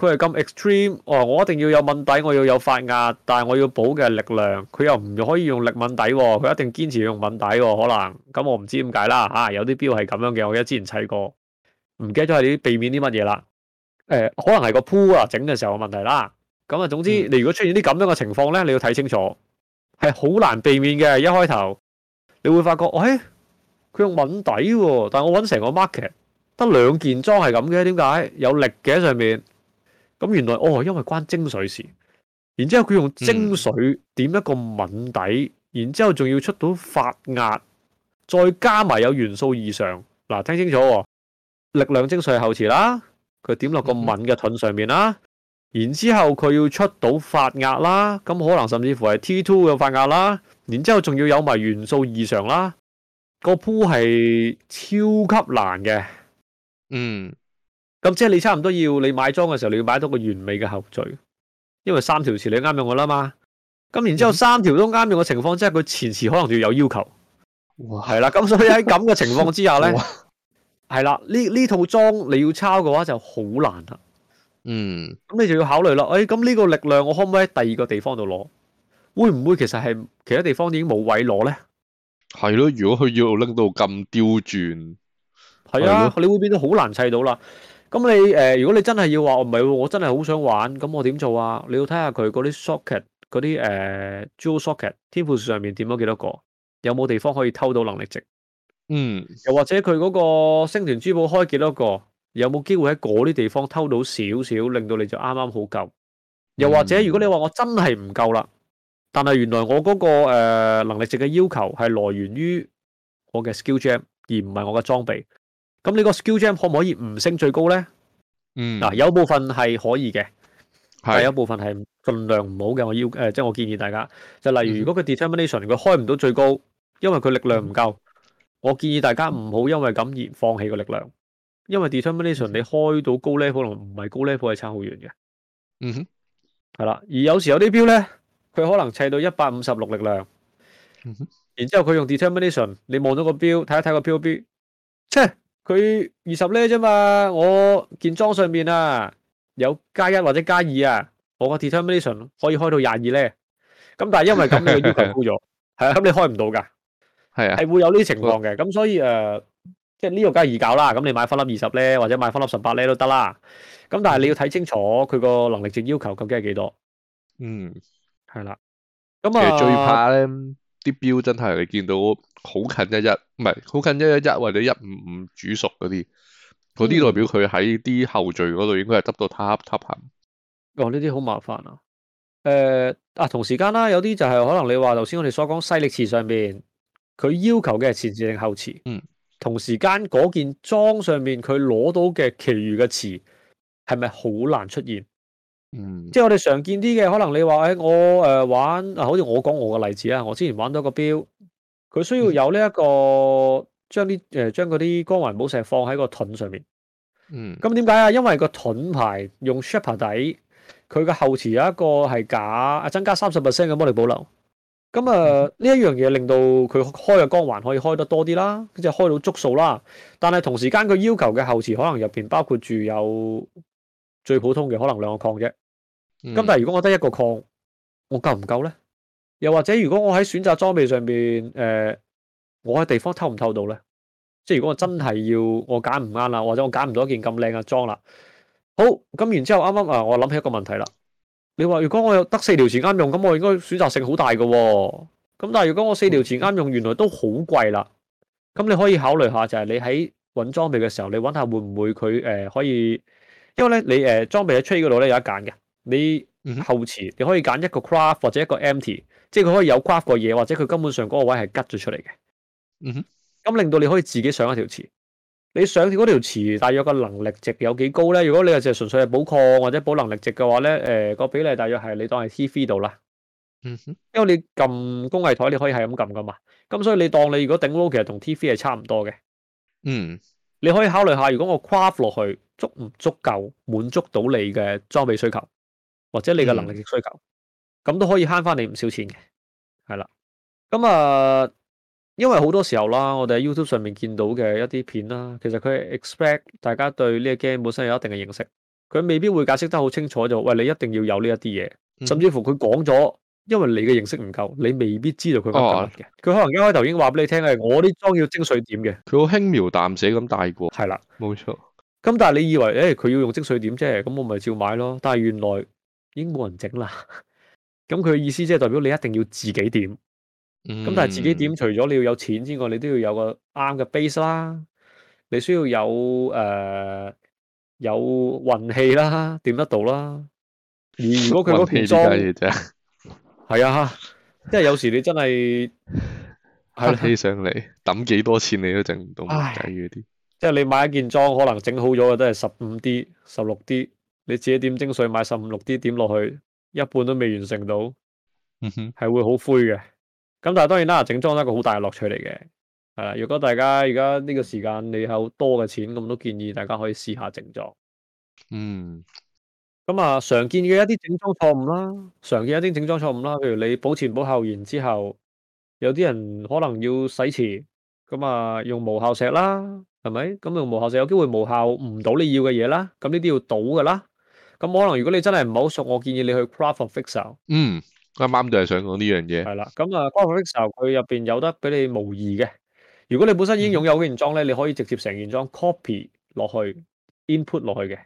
佢係咁 extreme，哦！我一定要有問底，我要有發壓，但係我要補嘅力量。佢又唔可以用力問底喎，佢一定堅持要用問底喎，可能咁我唔知點解啦吓，有啲標係咁樣嘅，我記得之前砌過，唔記得咗係啲避免啲乜嘢啦。誒、呃，可能係個 pool 啊整嘅時候嘅問題啦。咁啊，總之你如果出現啲咁樣嘅情況咧，你要睇清楚，係、嗯、好難避免嘅。一開頭你會發覺，喂、哎，佢用問底喎，但係我揾成個 market 得兩件裝係咁嘅，點解有力嘅上面？咁原來哦，因為關精髓事，然之後佢用精髓點一個敏底，嗯、然之後仲要出到發壓，再加埋有元素異常。嗱，聽清楚、哦，力量精髓後綴啦，佢點落個敏嘅盾上面啦，然之後佢要出到發壓啦，咁可能甚至乎係 T two 嘅發壓啦，然之後仲要有埋元素異常啦，這個鋪係超級難嘅，嗯。咁即係你差唔多要你買裝嘅時候，你要買到個完美嘅後綴，因為三條詞你啱用㗎啦嘛。咁然之後三條都啱用嘅情況之下，佢前詞可能就要有要求。哇，係啦，咁所以喺咁嘅情況之下咧，係啦，呢呢套裝你要抄嘅話就好難啦。嗯，咁你就要考慮啦。誒、哎，咁呢個力量我可唔可以喺第二個地方度攞？會唔會其實係其他地方已經冇位攞咧？係咯，如果佢要拎到咁刁鑽，係啊，你會變得好難砌到啦。咁你誒、呃，如果你真係要話我唔係喎，我真係好想玩，咁我點做啊？你要睇下佢嗰啲 socket 嗰啲誒 jewel socket、mm. 天賦樹上面點咗幾多個，有冇地方可以偷到能力值？嗯、mm.，又或者佢嗰個星團珠寶開幾多個，有冇機會喺嗰啲地方偷到少少，令到你就啱啱好夠？Mm. 又或者如果你話我真係唔夠啦，但係原來我嗰、那個、呃、能力值嘅要求係來源於我嘅 skill gem 而唔係我嘅裝備。咁你個 skill gem 可唔可以唔升最高咧？嗯，嗱、啊，有部分係可以嘅，但係有部分係盡量唔好嘅。我要誒、呃，即係我建議大家，就例如如果佢 determination 佢開唔到最高，因為佢力量唔夠、嗯，我建議大家唔好因為咁而放棄個力量，因為 determination 你開到高 level 同唔係高 level 係差好遠嘅。嗯哼，係啦，而有時候有啲表咧，佢可能砌到一百五十六力量，嗯哼，然之後佢用 determination，你望到個表睇一睇個 POB，切。佢二十咧啫嘛，我件裝上面啊有加一或者加二啊，我個 determination 可以開到廿二咧。咁但係因為咁嘅、這個、要求高咗，係 (laughs) 啊，咁你開唔到噶，係啊，係會有呢啲情況嘅。咁所以誒、呃，即係呢個加二搞啦。咁你買翻粒二十咧，或者買翻粒十八咧都得啦。咁但係你要睇清楚佢個能力值要求究竟係幾多？嗯，係啦。咁啊。啲標真係你見到好近一一，唔係好近一一一或者一五五煮熟嗰啲，嗰啲代表佢喺啲後綴嗰度應該係執到塔塔痕、嗯。哦，呢啲好麻煩啊。誒、呃，啊同時間啦，有啲就係、是、可能你話頭先我哋所講西力詞上面，佢要求嘅係前置定後詞，嗯，同時間嗰件裝上面佢攞到嘅其餘嘅詞係咪好難出現？嗯，即係我哋常見啲嘅，可能你話，誒、哎，我誒、呃、玩啊，好似我講我嘅例子啊，我之前玩到個標，佢需要有呢、這、一個將啲誒、呃、將嗰啲光環寶石放喺個盾上面。嗯，咁點解啊？因為個盾牌用 shaper 底，佢嘅後池有一個係假啊，增加三十 percent 嘅魔力保留。咁、嗯、啊，呢、呃、一樣嘢令到佢開嘅光環可以開得多啲啦，即係開到足數啦。但係同時間佢要求嘅後池可能入邊包括住有最普通嘅可能兩個礦啫。咁、嗯、但係如果我得一個礦，我夠唔夠咧？又或者如果我喺選擇裝備上邊，誒、呃，我喺地方偷唔偷到咧？即係如果我真係要我揀唔啱啦，或者我揀唔到一件咁靚嘅裝啦。好，咁然之後啱啱啊，我諗起一個問題啦。你話如果我有得四條錢啱用，咁我應該選擇性好大嘅、哦。咁但係如果我四條錢啱用，嗯、原來都好貴啦。咁你可以考慮下，就係你喺搵裝備嘅時候，你搵下會唔會佢誒、呃、可以，因為咧你誒、呃、裝備喺 trade 嗰度咧有得揀嘅。你後池你可以揀一個 craft 或者一個 empty，即係佢可以有 craft 個嘢，或者佢根本上嗰個位係吉咗出嚟嘅。咁、嗯、令到你可以自己上一條池。你上嗰條池大約個能力值有幾高咧？如果你係純粹係補抗或者補能力值嘅話咧，誒、呃、個比例大約係你當係 T3 度啦。嗯哼，因為你撳工藝台你可以係咁撳噶嘛。咁所以你當你如果頂爐其實同 T3 係差唔多嘅。嗯，你可以考慮一下如果我 craft 落去觸不觸足唔足夠滿足到你嘅裝備需求？或者你嘅能力嘅需求，咁、嗯、都可以慳翻你唔少錢嘅，係啦。咁啊，因為好多時候啦，我哋喺 YouTube 上面見到嘅一啲片啦，其實佢係 expect 大家對呢個 game 本身有一定嘅認識，佢未必會解釋得好清楚就喂，你一定要有呢一啲嘢，甚至乎佢講咗，因為你嘅認識唔夠，你未必知道佢嘅。佢、哦啊、可能一開頭已經話俾你聽，係我啲裝要精髓點嘅，佢好輕描淡寫咁帶過。係啦，冇錯。咁但係你以為誒佢、欸、要用精髓點啫，咁我咪照買咯。但係原來。已經冇人整啦，咁佢嘅意思即係代表你一定要自己點，咁、嗯、但係自己點除咗你要有錢之外，你都要有個啱嘅 base 啦，你需要有誒、呃、有運氣啦，點得到啦。如果佢嗰件裝，係 (laughs) 啊，即係有時你真係黑氣上嚟，抌幾多錢你都整唔到，冇計嗰啲。即係、就是、你買一件裝，可能整好咗嘅都係十五 D、十六 D。你自己點精髓，買十五六啲點落去，一半都未完成到，嗯哼，係會好灰嘅。咁但係當然啦、啊，整裝係一個好大嘅樂趣嚟嘅係啦。如果大家而家呢個時間你有多嘅錢，咁都建議大家可以試下整裝。嗯，咁啊，常見嘅一啲整裝錯誤啦，常見一啲整裝錯誤啦，譬如你保前保後完之後，有啲人可能要洗池，咁啊用無效石啦，係咪？咁用無效石有機會無效唔到你要嘅嘢啦，咁呢啲要賭㗎啦。咁可能如果你真係唔係好熟，我建議你去 Craft of Exile。嗯，啱啱就係想講呢樣嘢。係啦，咁啊，Craft of Exile 佢入邊有得俾你模擬嘅。如果你本身已經擁有件裝咧，你可以直接成件裝 copy 落去，input 落去嘅。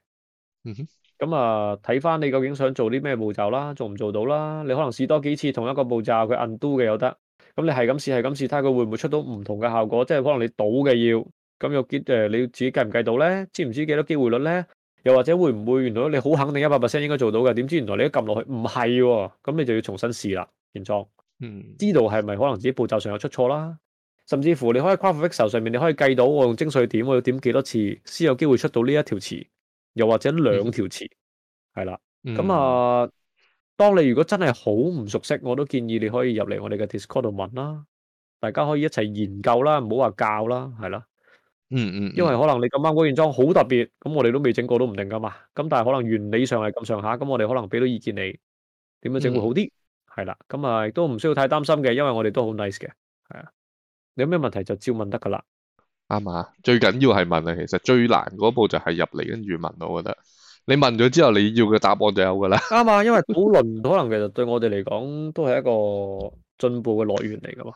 嗯哼。咁啊，睇翻你究竟想做啲咩步驟啦，做唔做到啦？你可能試多幾次同一個步驟，佢 undo 嘅又得。咁你係咁試，係咁試，睇下佢會唔會出到唔同嘅效果。即係可能你賭嘅要，咁又結誒，你自己計唔計到咧？知唔知幾多機會率咧？又或者會唔會原來你好肯定一百 percent 應該做到嘅？點知原來你一撳落去唔係喎，咁你就要重新試啦，現狀。嗯。知道係咪可能自己步驟上有出錯啦，甚至乎你可以 Craft of Exile 上面你可以計到，我用精髓點，我要點幾多次先有機會出到呢一條詞，又或者兩條詞，係、嗯、啦。咁、嗯、啊，當你如果真係好唔熟悉，我都建議你可以入嚟我哋嘅 Discord 度問啦，大家可以一齊研究啦，唔好話教啦，係啦。嗯嗯，因為可能你咁啱嗰件裝好特別，咁我哋都未整過都唔定噶嘛，咁但係可能原理上係咁上下，咁我哋可能俾到意見你點樣整會好啲，係、嗯、啦，咁啊都唔需要太擔心嘅，因為我哋都好 nice 嘅，係啊，你有咩問題就照問得噶啦，啱嘛、啊，最緊要係問啊，其實最難嗰步就係入嚟跟住問，我覺得你問咗之後你要嘅答案就有噶啦，啱嘛、啊，因為討論 (laughs) 可能其實對我哋嚟講都係一個進步嘅來源嚟噶嘛。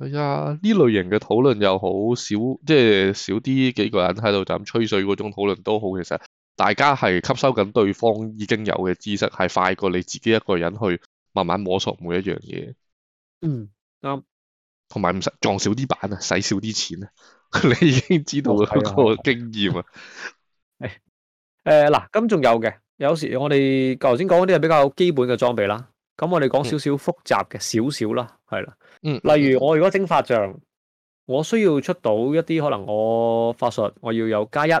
係、哎、啊，呢類型嘅討論又好，少即係少啲幾個人喺度就咁吹水嗰種討論都好。其實大家係吸收緊對方已經有嘅知識，係快過你自己一個人去慢慢摸索每一樣嘢。嗯，啱、嗯。同埋唔使撞少啲板啊，使少啲錢啊，你已經知道嗰個經驗、哦 (laughs) 嗯、啊。誒、啊，嗱，咁仲有嘅，有時我哋頭先講嗰啲係比較基本嘅裝備啦。咁我哋講少少、嗯、複雜嘅少少啦，係啦、嗯，例如我如果整法杖，我需要出到一啲可能我法術我要有加一、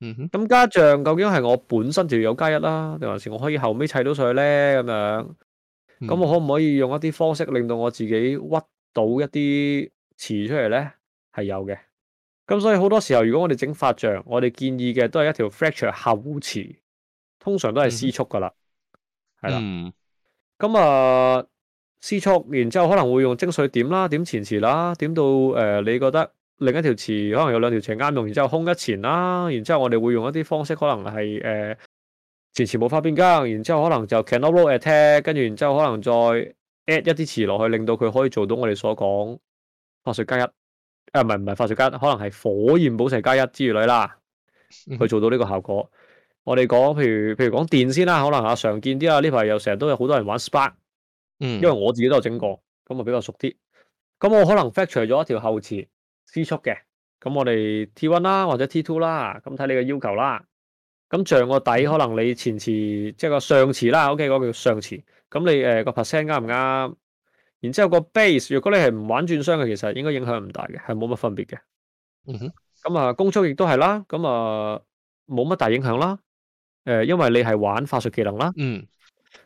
嗯，咁加杖究竟係我本身就要有加一啦，定還是我可以後尾砌到上去咧？咁樣，咁、嗯、我可唔可以用一啲方式令到我自己屈到一啲詞出嚟咧？係有嘅，咁所以好多時候如果我哋整法杖，我哋建議嘅都係一條 fracture 後詞，通常都係施速噶啦，係、嗯、啦。咁啊，施速，然之後可能會用精髓點啦，點前詞啦，點到、呃、你覺得另一條詞可能有兩條詞啱用，然之後空一詞啦，然之後我哋會用一啲方式，可能係、呃、前詞冇法變更，然之後可能就 cannot roll attack，跟住然之後可能再 add 一啲詞落去，令到佢可以做到我哋所講法術加一，誒唔係唔係法術加一，可能係火焰寶石加一之類啦，去做到呢個效果。 (laughs) 我哋講，譬如譬如講電先啦，可能下常見啲啦。呢排又成日都有好多人玩 Spark、嗯、因為我自己都有整過，咁啊比較熟啲。咁我可能 factory 咗一條後池 c 速嘅，咁我哋 T1 啦或者 T2 啦，咁睇你嘅要求啦。咁像個底，可能你前池即係個上池啦，OK 嗰個叫上池，咁你誒、呃、個 percent 啱唔啱？然之後個 base，如果你係唔玩轉商嘅，其實應該影響唔大嘅，係冇乜分別嘅。嗯、哼，咁啊攻速亦都係啦，咁啊冇乜大影響啦。誒，因為你係玩法術技能啦，嗯，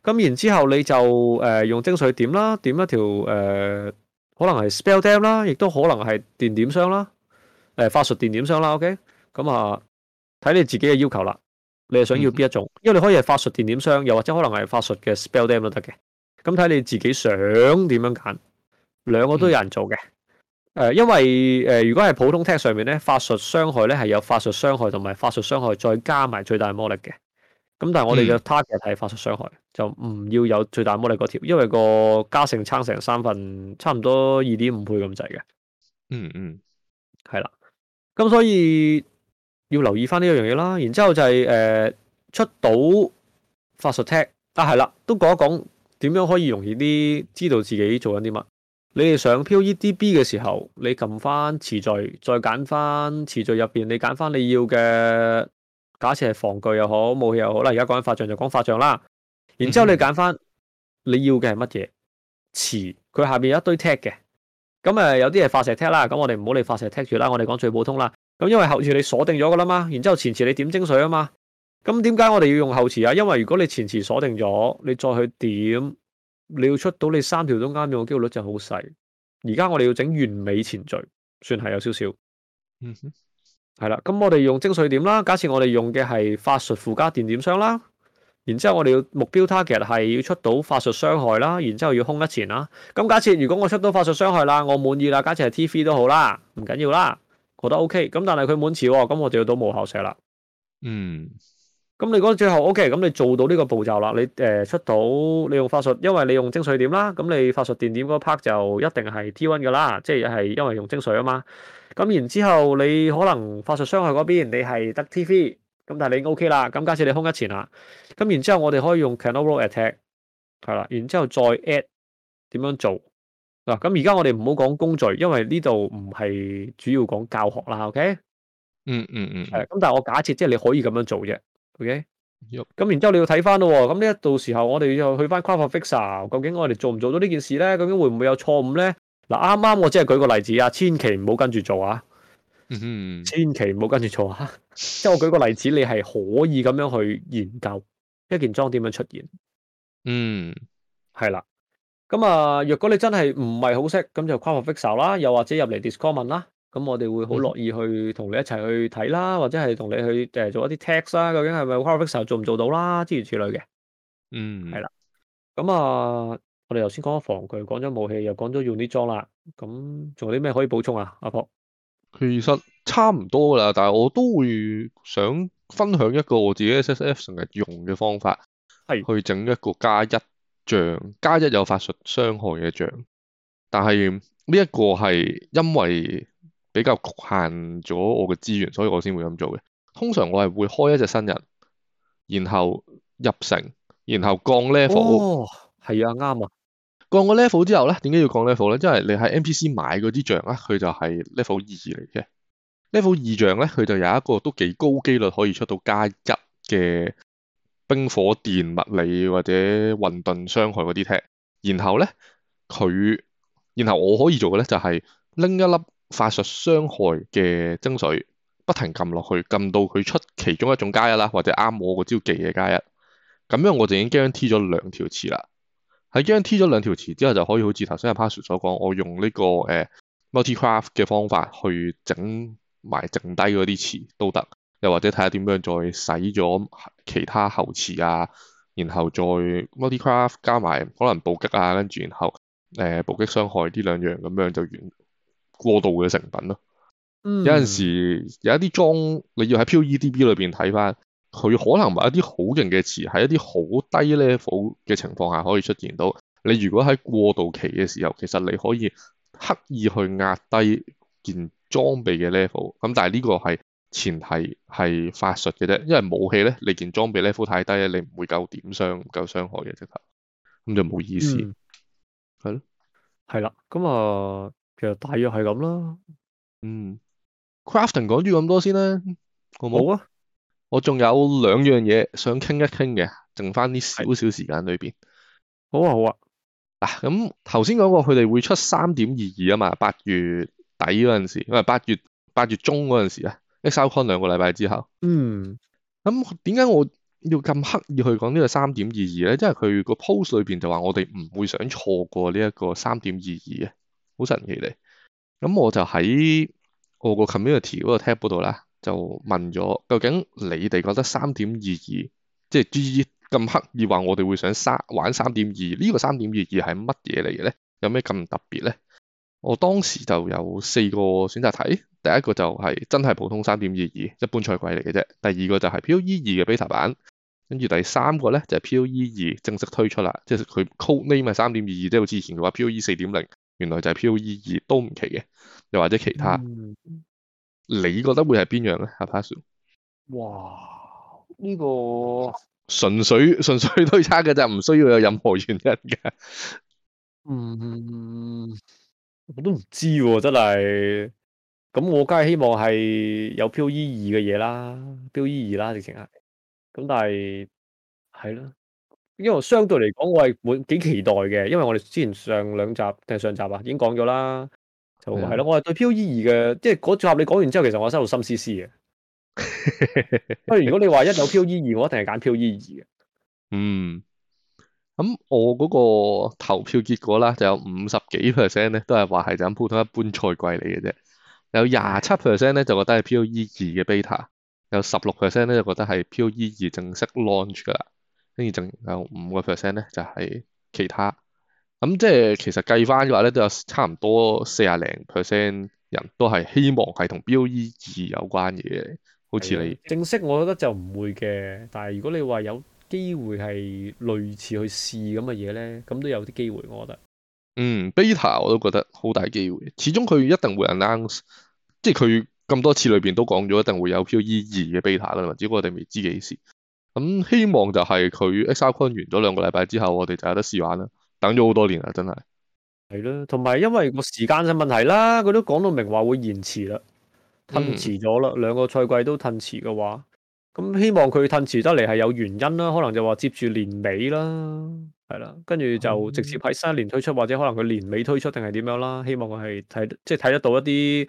咁然之後你就誒、呃、用精髓點啦，點一條誒、呃，可能係 spell damage 啦，亦都可能係電點傷啦，誒、呃，法術電點傷啦，OK，咁、嗯、啊，睇你自己嘅要求啦，你係想要邊一種、嗯？因為你可以係法術電點傷，又或者可能係法術嘅 spell damage 都得嘅，咁睇你自己想點樣揀，兩個都有人做嘅，誒、嗯，因為誒、呃，如果係普通 tech 上面咧，法術傷害咧係有法術傷害同埋法術傷害再加埋最大魔力嘅。咁但係我哋嘅 target 係法術傷害，嗯、就唔要有最大魔力嗰條，因為個加成差成三分，差唔多二點五倍咁滯嘅。嗯嗯，係啦，咁所以要留意翻呢一樣嘢啦。然之後就係、是、誒、呃、出到法術 Tag 啊係啦，都講一講點樣可以容易啲知道自己做緊啲乜。你哋上 PoeDB 嘅時候，你撳翻詞序，再揀翻詞序入邊，你揀翻你要嘅。假設係防具又好，武器又好啦。而家講緊法杖就講法杖啦。然之後你揀翻你要嘅係乜嘢綴？佢下面有一堆 tag 嘅。咁誒，有啲係化石 tag 啦。咁我哋唔好理化石 tag 住啦。我哋講最普通啦。咁因為後綴你鎖定咗噶啦嘛。然之後前綴你點精髓啊嘛。咁點解我哋要用後綴啊？因為如果你前綴鎖定咗，你再去點，你要出到你三條都啱用嘅幾率就好細。而家我哋要整完美前綴，算係有少少。嗯哼。係啦，咁我哋用精髓點啦。假設我哋用嘅係法術附加電點傷啦，然之後我哋要目標 target 係要出到法術傷害啦，然之後要空一前啦。咁假設如果我出到法術傷害啦，我滿意啦。假設係 T three 都好啦，唔緊要啦，覺得 OK。咁但係佢滿刺喎，咁我就要到無效射啦。嗯，咁你講最後 O K，咁你做到呢個步驟啦，你誒出到你用法術，因為你用精髓點啦，咁你法術電點嗰 part 就一定係 T one 噶啦，即係係因為用精髓啊嘛。咁然之後，你可能法術傷害嗰邊，你係得 T.V. 咁、OK，但係你 O.K. 啦。咁假設你空一前啦，咁然之後我哋可以用 Cannot Roll Attack 係啦，然之後再 add 點樣做嗱？咁而家我哋唔好講工序，因為呢度唔係主要講教學啦。O.K. 嗯嗯嗯，係、嗯。咁但係我假設即係你可以咁樣做啫。O.K. 咁、嗯、然之後你要睇翻咯喎。咁呢一到時候我哋又去翻 Craft of Exile，究竟我哋做唔做到呢件事咧？究竟會唔會有錯誤咧？嗱，啱啱我只係舉個例子啊，千祈唔好跟住做啊，嗯嗯，千祈唔好跟住做啊，即係我舉個例子，你係可以咁樣去研究一件裝點樣出現，嗯，係啦，咁、嗯、啊，若果你真係唔係好識，咁就 Craft of Exile 啦，又或者入嚟 Discord 問啦，咁我哋會好樂意去同你一齊去睇啦，或者係同你去誒、呃、做一啲 text 啦，究竟係咪 Craft of Exile 做唔做到啦，諸如此類嘅，嗯，係啦，咁、嗯、啊。我哋頭先講咗防具，講咗武器，又講咗用啲裝啦。咁仲有啲咩可以補充啊？阿婆？其實差唔多啦，但係我都會想分享一個我自己 SSF 成日用嘅方法，係去整一個加一杖，加一有法術傷害嘅杖。但係呢一個係因為比較局限咗我嘅資源，所以我先會咁做嘅。通常我係會開一隻新人，然後入城，然後降 level。哦，係啊，啱啊。降個 level 之後咧，點解要降 level 咧？因為你喺 NPC 買嗰啲像啊，佢就係 level 二嚟嘅。level 二像咧，佢就有一個都幾高機率可以出到加一嘅冰火電物理或者混沌傷害嗰啲貼。然後咧，佢然後我可以做嘅咧就係拎一粒法術傷害嘅精髓，不停撳落去，撳到佢出其中一種加一啦，或者啱我個招技嘅加一。咁樣我就已經 guarantee 咗兩條刺啦。喺已經剔咗兩條詞之後，就可以好似頭先阿 Pazu 所講，我用呢、這個 Multicraft 嘅方法去整埋剩低嗰啲詞都得，又或者睇下點樣再洗咗其他後詞啊，然後再 Multicraft 加埋可能暴擊啊，跟住然後誒、呃、暴擊傷害呢兩樣咁樣就完過度嘅成品咯、嗯。有陣時有一啲裝你要喺 PoEDB 裏面睇翻。佢可能係一啲好勁嘅詞，喺一啲好低 level 嘅情況下可以出現到。你如果喺過渡期嘅時候，其實你可以刻意去壓低件裝備嘅 level。咁但係呢個係前提係法術嘅啫，因為武器咧你件裝備 level 太低咧，你唔會夠點傷夠傷害嘅即係。咁就冇意思。係、嗯、咯。係啦。咁啊，其實大約係咁啦。嗯。Crafting 講住咁多先啦。好冇啊？我仲有兩樣嘢想傾一傾嘅，剩翻啲少少時間裏面。好啊好啊。嗱，咁頭先講過佢哋會出三點二二啊嘛，八月底嗰陣時，唔係八月，八月中嗰陣時啊，ExileCon 兩個禮拜之後。嗯。咁點解我要咁刻意去講個呢個三點二二咧？即係佢個 post 裏面就話我哋唔會想錯過呢一個三點二二啊。好神奇嚟。咁我就喺我個 community 嗰個 tab 嗰度啦。就問咗，究竟你哋覺得三點二二，即係 G E 咁刻意話我哋會想三玩三點二呢個三點二二係乜嘢嚟嘅咧？有咩咁特別咧？我當時就有四個選擇題，第一個就係真係普通三點二二，一般賽季嚟嘅啫。第二個就係 P O E 二嘅 beta 版，跟住第三個咧就係 P O E 二正式推出啦，即係佢 code name 係三點二二，即係我之前話 P O E 四點零，原來就係 P O E 二，都唔奇嘅，又或者其他。嗯。你覺得會係邊樣咧？阿 Pazu 哇，呢、這個純粹純粹推測嘅就唔需要有任何原因嘅。嗯，我都唔知喎、啊，真係。咁我梗係希望係有 PoE2 嘅嘢啦，PoE2 啦，直情係。咁但係係咯，因為相對嚟講，我係會幾期待嘅，因為我哋之前上兩集定係上集啊，已經講咗啦。就係咯，我係對 POE 二嘅，即係最後你講完之後，其實我喺心思思嘅。 (laughs) 不過如，如果你話一有 POE 二，我一定係揀 POE 二嘅。嗯，咁我嗰個投票結果啦，就有五十幾 percent 咧，都係話係就咁普通的一般賽季嚟嘅啫。有廿七 percent 咧，就覺得係 POE 二嘅 beta 有16。有十六 percent 咧，就覺得係 POE 二正式 launch 噶啦。跟住仲有五個 percent 咧，就係、是、其他。咁即係其實計翻嘅話咧，都有差唔多四廿零 percent 人都係希望係同 POE 二有關嘅，好似你正式我覺得就唔會嘅，但係如果你話有機會係類似去試咁嘅嘢咧，咁都有啲機會我覺得。嗯，beta 我都覺得好大機會，始終佢一定會 announce，即係佢咁多次裏邊都講咗一定會有 POE2 嘅 beta 啦嘛，只不過我哋未知幾時。咁希望就係佢 ExileCon 完咗兩個禮拜之後，我哋就有得試玩啦。等咗好多年啦，真係係咯，同埋因為個時間嘅問題啦，佢都講到明話會延遲啦，吞遲咗啦，兩個賽季都褪遲嘅話，咁希望佢褪遲得嚟係有原因啦，可能就話接住年尾啦，係啦，跟住就直接喺新一年推出，或者可能佢年尾推出定係點樣啦，希望佢係睇即係睇得到一啲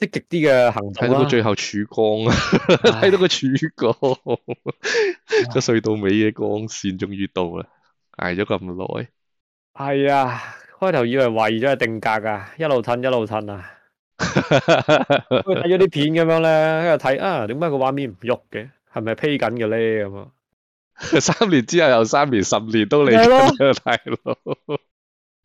積極啲嘅行動啦。睇到最後曙光， (laughs) 光，睇 (laughs) 到個曙光，個隧道尾嘅光線終於到啦，挨咗咁耐。係、哎、啊，開頭以為懷疑咗係定格噶，一路褪一路褪啊。睇咗啲片咁樣咧，喺度睇啊，點解個畫面唔喐嘅？係咪批緊嘅咧？咁啊，三年之後又三年、十年都嚟嘅，大 (laughs) 佬、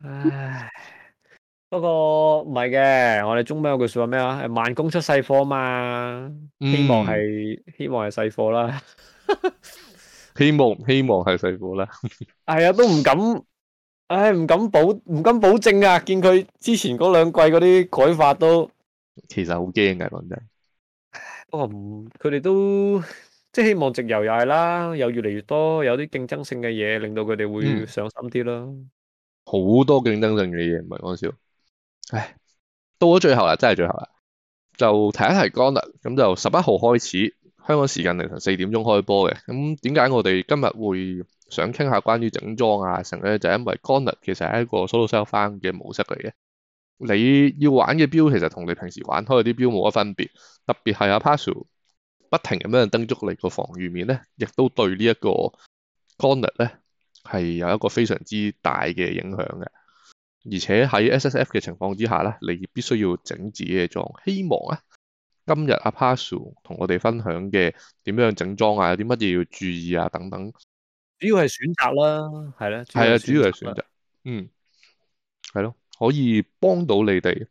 啊。唉， (laughs) (laughs) 不過唔係嘅，我哋中文有句話說話咩啊？係慢工出細貨嘛。希望係希望係細貨啦，希望貨 (laughs) 希望係細貨啦。係 (laughs) 啊、哎，都唔敢。唉，唔敢保，唔敢保證啊！見佢之前嗰兩季嗰啲改法都，其實好驚噶，講真。不過唔，佢哋都即係希望直游又係啦，有越嚟越多，有啲競爭性嘅嘢，令到佢哋會上心啲囉。好、嗯、多競爭性嘅嘢唔係講笑。唉，到咗最後啦，真係最後啦，就提一提干啦。咁就十一號開始，香港時間凌晨四點鐘開波嘅。咁點解我哋今日會？想傾下關於整裝啊成呢，成咧就係，因為 Gauntlet 其實係一個 Solo Self Found 嘅模式嚟嘅，你要玩嘅標其實同你平時玩開嗰啲標冇乜分別，特別係阿 Pazu 不停咁樣登足你個防禦面咧，亦都對呢一個 Gauntlet 咧係有一個非常之大嘅影響嘅。而且喺 SSF 嘅情況之下咧，你亦必須要整自己嘅裝。希望啊，今日阿 Pazu 同我哋分享嘅點樣整裝啊，有啲乜嘢要注意啊等等。主要係選擇啦，係啦，係啊，主要係選擇，嗯，係咯，可以幫到你哋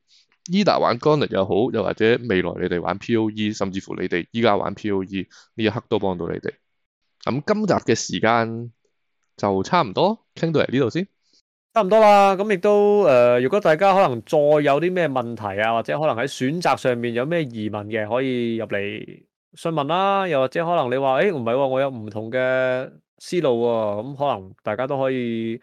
，E 大玩 Ganly 又好，又或者未來你哋玩 P.O.E，甚至乎你哋依家玩 P.O.E 呢一刻都幫到你哋。咁今集嘅時間就差唔多，傾到嚟呢度先，差唔多啦。咁亦都誒、呃，如果大家可能再有啲咩問題啊，或者可能喺選擇上面有咩疑問嘅，可以入嚟詢問啦、啊。又或者可能你話誒，唔係喎，我有唔同嘅。思路喎、啊，咁可能大家都可以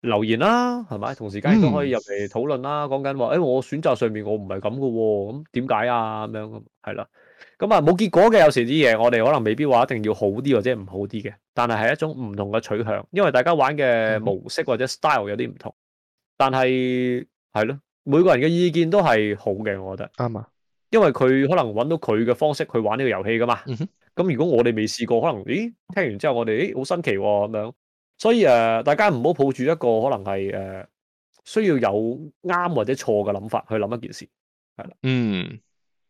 留言啦、啊，係咪？同時間亦都可以入嚟討論啦、啊，講緊話，誒、欸、我選擇上面我唔係咁嘅喎，咁點解啊？咁、啊、樣咁，係啦，咁啊冇結果嘅，有時啲嘢我哋可能未必話一定要好啲或者唔好啲嘅，但係係一種唔同嘅取向，因為大家玩嘅模式或者 style 有啲唔同，但係係咯，每個人嘅意見都係好嘅，我覺得啱啊、嗯，因為佢可能揾到佢嘅方式去玩呢個遊戲㗎嘛。嗯。咁如果我哋未試過，可能咦聽完之後我，我哋咦好新奇咁、哦、樣，所以、呃、大家唔好抱住一個可能係、呃、需要有啱或者錯嘅諗法去諗一件事係啦，嗯，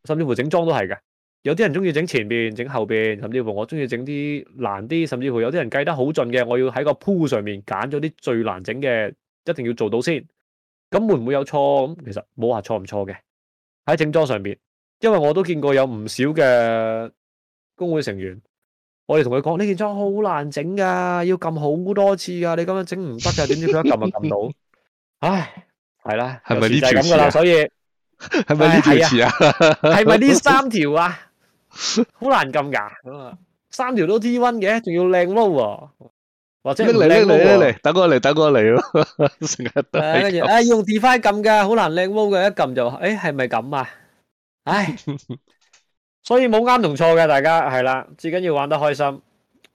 甚至乎整裝都係嘅。有啲人中意整前面、整後面，甚至乎我中意整啲難啲，甚至乎有啲人計得好盡嘅，我要喺個鋪上面揀咗啲最難整嘅，一定要做到先。咁會唔會有錯咁？其實冇話錯唔錯嘅喺整裝上面，因為我都見過有唔少嘅。公會成員，我哋同佢講，呢件裝好難整噶要撳好多次噶你咁樣整唔得噶點知佢一撳就撳到？唉，係啦，係咪呢條咁噶啦？所以係咪呢條詞啊？係咪呢三條啊？好難撳噶咁啊，三條都 T one 嘅，仲要靚 low 喎，或者靚到。搦嚟搦嚟搦嚟，等我嚟，等我嚟咯，成日等。唉，要用 define 撳噶，好難靚 low 噶，一撳就，誒，係咪咁啊？唉。所以冇啱同錯嘅，大家係啦，至緊要玩得開心，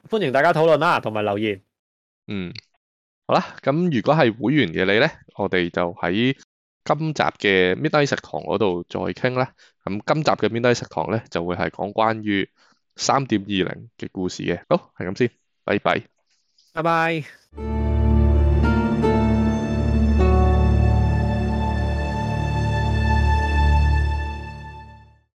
歡迎大家討論啦，同埋留言。嗯，好啦，咁如果係會員嘅你咧，我哋就喺今集嘅 Midnight 食堂嗰度再傾啦。咁今集嘅 Midnight 食堂咧，就會係講關於三點二零嘅故事嘅。好，係咁先，拜拜，拜拜。